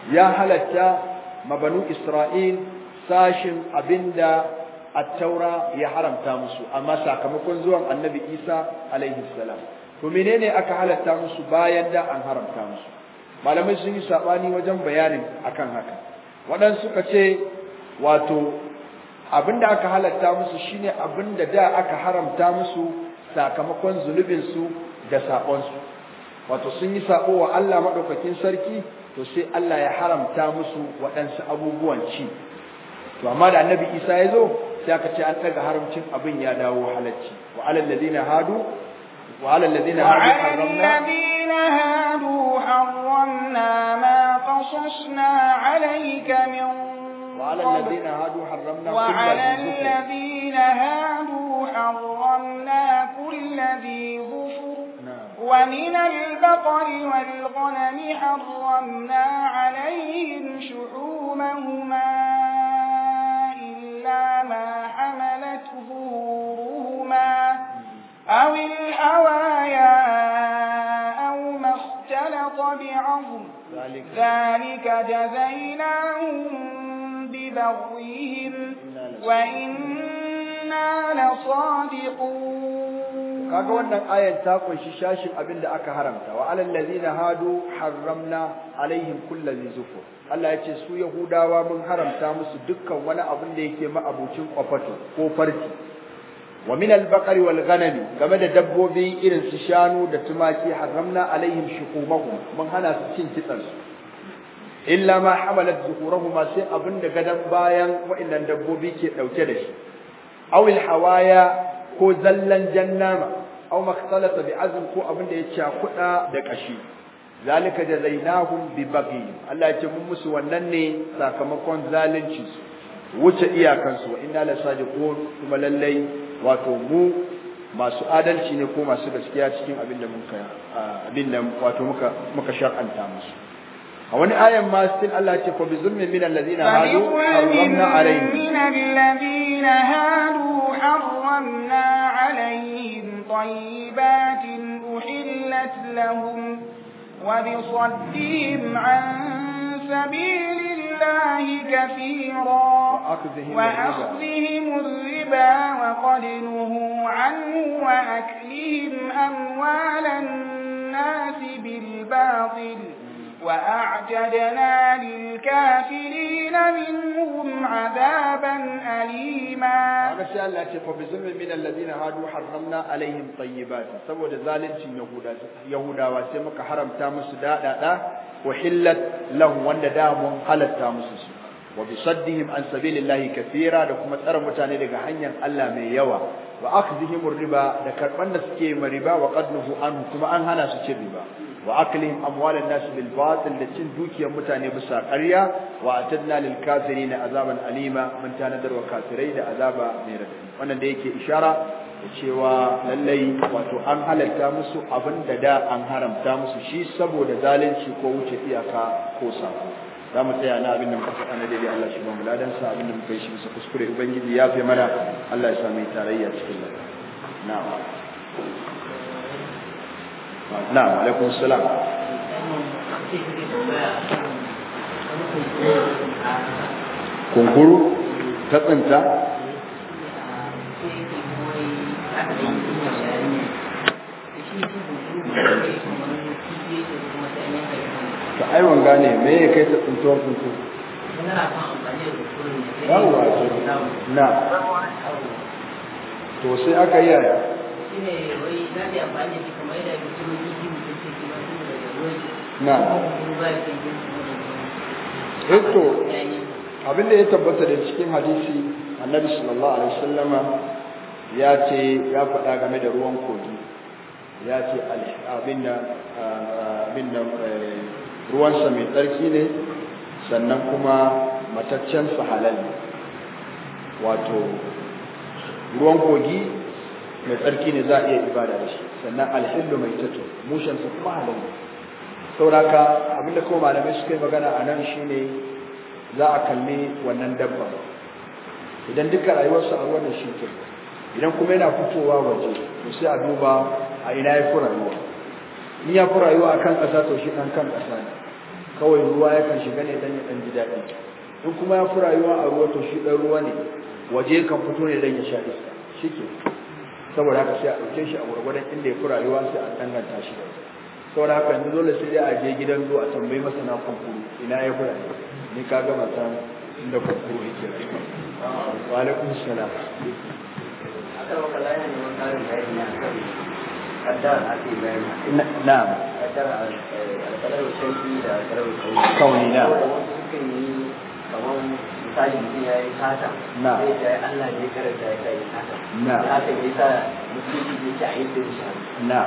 ya halatta mabanu Isra'il sashin abinda at-taura ya haramta musu amma sakamakon zuwan annabi Isa alaihi salam to menene aka halatta musu bayan da an haramta musu malamai sun yi sabani wajen bayanin akan haka waɗansu suka ce wato abinda aka halatta musu shine abinda da aka haramta musu sakamakon zunubin su da sabon su wato sun yi sabo wa Allah madaukakin sarki to sai Allah ya haramta musu waɗansu abubuwan ci to amma da annabi Isa ya zo sai aka ce an daga haramcin abin ya dawo halacci wa alal ladina hadu وعلى الذين هادوا حرمنا ما قصصنا عليك من وعلى الذين هادوا حرمنا وعلى الذين هادوا حرمنا كل ذي ظفر نعم. ومن البقر والغنم حرمنا عليهم شحومهما إلا ما حملته أو الهوايا أو ما اختلط بعظم ذلك جزيناهم ببغيهم وإنا لصادقون kaga wannan ayar ta kunshi shashin abin da aka haramta wa alal ladina hadu harramna alaihim kullu zufur Allah yace su yahudawa mun haramta musu dukkan wani abin da yake ma abucin kwafato ko farti wa min al wal game da dabbobi irin su shanu da tumaki haramna alaihim shuqumahum mun hana su cin kitsan su illa ma hamalat zuhurahuma sai da gadan bayan wa'annan dabbobi ke dauke da shi aw hawaya ko zallan jannama aw makhtalata bi azm ko da ya cakuda da kashi zalika jazainahum bi baghi Allah ya ce mun musu wannan ne sakamakon zalunci su wuce iyakansu wa inna lasadiqun kuma lallai wato mu masu adalci ne ko masu gaskiya cikin abin da muka abin da wato muka muka shar'anta musu a wani ayan ma still Allah ce ko bizulmin min allazina hadu harramna alaihim min allazina hadu harramna alaihim tayyibatin uhillat lahum wa سبيل الله كثيرا وأخذهم الربا وقد نهوا عنه وأكلهم أموال الناس بالباطل وأعجدنا للكافرين منهم عذابا أليما أغسى الله تقوى بزم من الذين هادوا حرمنا عليهم طيبات سوى ذلك يهودا يهودا وسمك حرم تامس دا دا دا وحلت لهم وان دا منقلت تامس وبصدهم عن سبيل الله كثيرا لكم ترى متاني لغا حنيا ألا من يوى وأخذهم الربا لكربنا سكيم الربا وقد نهوا عنه كما أنهنا سكيم الربا wa aklihim amwalan nas bil batil da cin dukiyar mutane bisa karya wa atadna lil kafirin azaban alima mun tanadar wa kafirai da azaba mai radadi wannan da yake ishara da cewa lallai wato an halalta musu abun da da an haramta musu shi saboda zalunci ko wuce iyaka ko sako za mu tsaya na abin da muka faɗa na daidai Allah shi ba mu ladan sa abin da muka yi shi bisa kuskure ubangiji ya fi mana Allah ya sami tarayya cikin lada na'am na'am alaikum salam kunkuru ta ta aiwon gane me ya kai ta tsintuwar kunkuru yawon wato na to sai aka yi yaya na eto abinda ya tabbata da cikin hadisi annabi sallallahu alaihi wasallama ya ce ya faɗa game da ruwan kogi ya ce abinda abinda sa mai tsarki ne sannan kuma sa halal wato ruwan kogi mai tsarki ne za a iya ibada da shi sannan alhillu mai tato mushensa kuma halin ne sauraka abinda kuma malamai suka yi magana a nan shi ne za a kalli wannan dabba idan duka rayuwarsa a wannan shi ke idan kuma yana fitowa waje to sai a duba a ina ya fi rayuwa in ya fi rayuwa a kan ƙasa to shi ɗan kan ƙasa ne kawai ruwa yakan shiga ne dan ya ɗan ji daɗi in kuma ya fi rayuwa a ruwa to shi ɗan ruwa ne waje kan fito ne dan ya sha iska shi ke saboda haka sai a ɗauke shi a gwargwadon inda ya fi rayuwa sai a danganta shi da saboda haka yanzu dole sai dai a je gidan zuwa tambayi masana kwamfuru ina ya fi rayuwa ni ka gama ta inda ya ke rayuwa wa a a kamar misali mutum ya yi sata ya Allah ne ya sata na ya sa ya yi shi na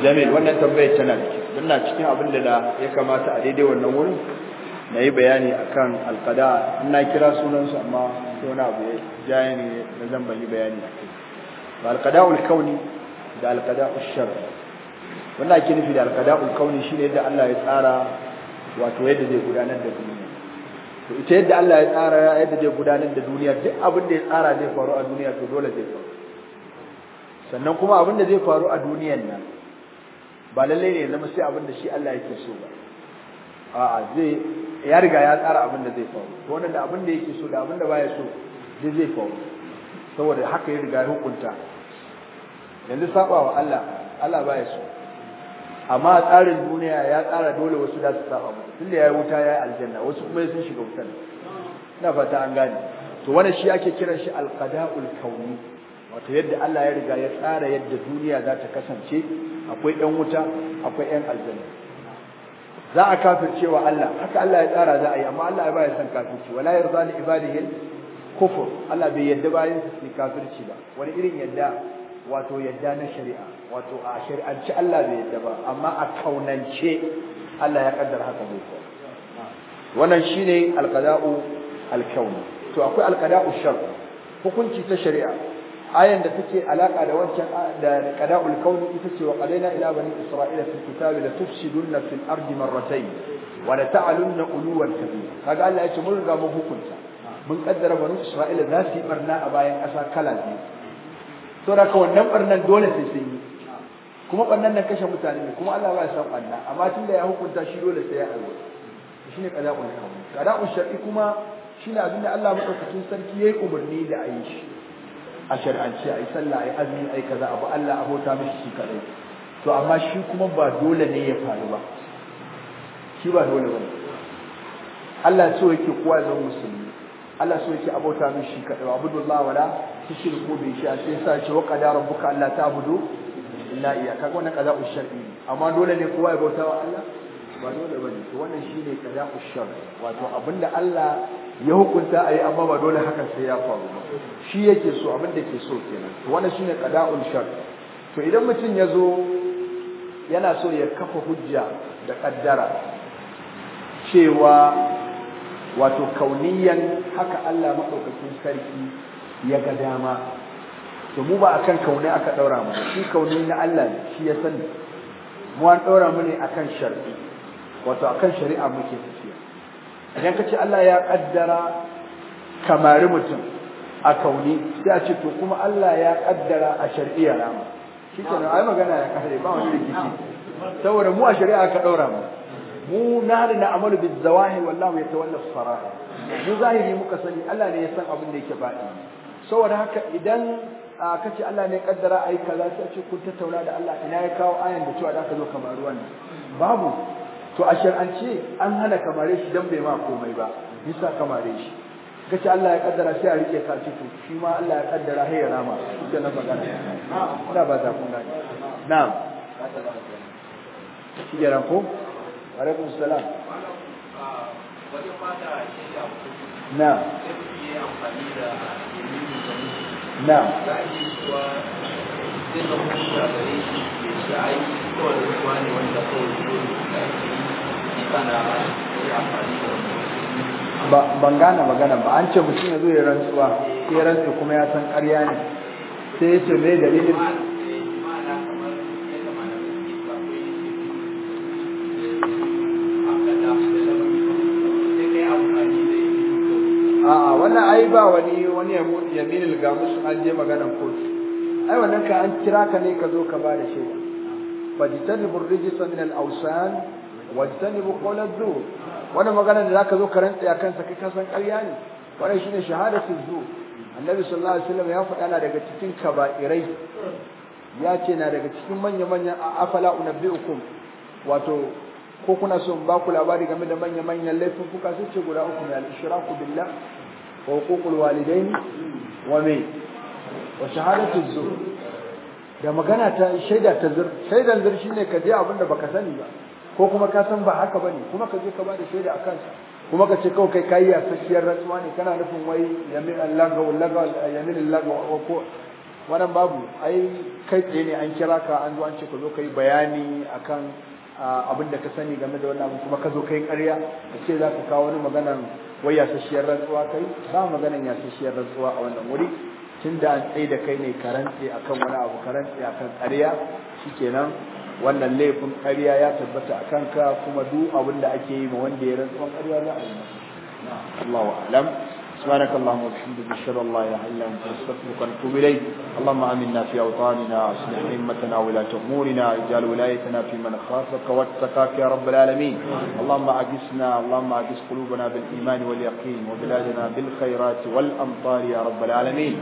Jamil wannan tambayar don na cikin abin da ya kamata a daidai wannan wurin na yi bayani alkada na kira sunansu amma sai wani abu ya ne na zan bayani a kai alkada ulkauni da alkada ushar wannan ake nufi da alkada ulkauni shi ne da Allah ya tsara wato yadda zai gudanar da duniya to ita yadda Allah ya tsara yadda zai gudanar da duniya duk abin da ya tsara zai faru a duniya to dole zai faru sannan kuma abin da zai faru a duniyan nan ba lalle ne zama sai abin da shi Allah yake so ba a'a zai ya riga ya tsara abin da zai faru to wannan da abin da yake so da abin da baya so zai zai faru saboda haka ya riga ya hukunta yanzu sabawa Allah Allah baya so amma tsarin duniya ya tsara dole wasu da su saba mu tunda yayi wuta yayi aljanna wasu kuma sun shiga wutan ina fata an gane to wannan shi ake kiran shi alqada'ul kauni wato yadda Allah ya riga ya tsara yadda duniya za ta kasance akwai ɗan wuta akwai ɗan aljanna za a kafircewa Allah haka Allah ya tsara za a yi amma Allah ya baya son kafirci wala yarda li ibadihi kufur Allah bai yadda bayan su kafirci ba wani irin yadda wato yadda na shari'a wato a shari'arci Allah bai yadda ba amma a kaunance Allah ya kaddar haka ne wannan shine alqada'u alkauni to akwai alqada'u shar'i hukunci ta shari'a ayan da take alaka da wancan da qada'ul ita ce wa qadaina ila bani isra'ila fil kitabi la tufsiduna fil ardi marratayn wa la ta'alunna uluwan kabira kaga Allah ya ce mun ga mu hukunta mun kaddara bani isra'ila za su yi barna a bayan ƙasa kala biyu da ka wannan barnan dole sai sun yi kuma ɓannan nan kashe mutane ne kuma Allah ba ya san ɓanna amma tun da ya hukunta shi dole sai ya aiwata ne ƙada'un shari'a? Ƙada'un shari'a kuma shi abin da Allah cikin sarki yi umarni da A yi shi a yi ayi sallah yi azumi a yi kaza abu Allah a hota mishi shi kaɗai. to amma shi kuma ba dole ne ya faru ba shi ba dole ba Allah so yake kowa zan musulmi Allah so yake abota mishi shi kadai abudullah wala bai shi A sai sa ce wa buka Allah ta ta'budu illa iya kaga wannan qaza'u shar'i amma dole ne kowa ya bauta wa Allah ba dole bane to wannan shine qaza'u shar'i wato abinda Allah ya hukunta ayi amma ba dole hakan sai ya faru ba shi yake so abinda ke so kenan to wannan shine qada'ul shar'i to idan mutum ya zo yana so ya kafa hujja da kaddara cewa wato kauniyan haka Allah madaukakin sarki ya ga dama to mu ba akan kaune aka daura mu shi kaune na Allah shi ya sani mu an daura mu ne akan shar'i wato akan shari'a muke tafiya idan ce Allah ya kaddara kamari mutum a kaune sai a ce to kuma Allah ya kaddara a shar'iyya rama shi kenan ai magana ya kare ba wani rikici saboda mu a shari'a aka daura mu mu nahnu na'malu bil zawahir wallahu yatawalla as-sara'ir mu zahiri muka sani Allah ne ya san abin da yake baɗi saboda haka idan a kace Allah ne kaddara ayi kaza sai ce kun tattauna da Allah ina ya kawo ayan da cewa da ka zo kamar ruwan babu to a shar'ance an hana kamare shi dan bai ma komai ba bisa kamare shi kace Allah ya kaddara sai a rike ka ce to shi ma Allah ya kaddara hay ya rama duka na magana kuna ba ta kun gani na'am shi garan Wa alaikum salam na'am نعم ban gane magana ba an ce mutum ya zo ya rantsuwa ya rantsu kuma ya san ƙarya ne sai ya ce mai dalilin a'a wannan ai ba wani wani ya yaminil gamus an je maganan kotu ai wannan ka an kira ka ne ka zo ka ba da shaida fajtanibu rijsa min al-awsan wajtanibu qawl az-zur wannan magana da zaka zo ka rantsa kansa kai ka san ƙarya ne wannan shine shahadatu zur annabi sallallahu alaihi wasallam ya faɗa na daga cikin kaba'irai ya ce na daga cikin manya-manyan afala unabbi'ukum wato ko kuna son ba ku labari game da manya-manyan laifin kuka sai ce guda uku ne al-ishraku billah وحقوق الوالدين ومن وشهادة me wa da magana ta shaida ta zur shaidan zur shine ka je abin da baka sani ba ko kuma ka san ba haka bane kuma ka je ka bada shaida akan sa kuma ka ce kawai kai kai ya sashiyar rantsuwa ne kana nufin wai yamin Allah ga wallaga yamin Allah ga wako wannan babu ai kai tsaye ne an kira ka an zo an ce ka zo kai bayani akan abin da ka sani game da wannan kuma ka zo kai ƙarya ka ce za ka kawo wani maganar wai yasasshiyar rantsuwa kai ba maganan yasasshiyar rantsuwa a wannan wuri tunda an tsaye da kai ne karantse akan wani abu karantse akan ƙarya kenan wannan laifin ƙarya ya tabbata a kanka kuma duk abin da ake yi ma wanda ya rantsuwan ƙarya za a yi Allahu a'lam سبحانك اللهم وبحمدك أشهد أن لا إله إلا أنت نستغفرك ونتوب إليك اللهم آمنا في أوطاننا واصلح أئمتنا ولاة أمورنا اجعل ولايتنا في من خافك واتقاك يا رب العالمين اللهم أعجزنا اللهم أعجز قلوبنا بالإيمان واليقين وبلادنا بالخيرات والأمطار يا رب العالمين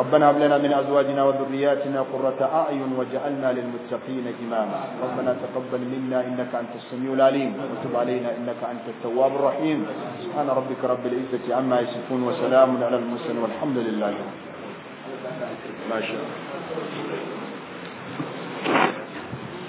ربنا هب لنا من أزواجنا وذرياتنا قرة أعين واجعلنا للمتقين إماما ربنا تقبل منا إنك أنت السميع العليم وتب علينا إنك أنت التواب الرحيم سبحان ربك رب العزة عما يصفون وسلام على المرسلين والحمد لله ما شاء الله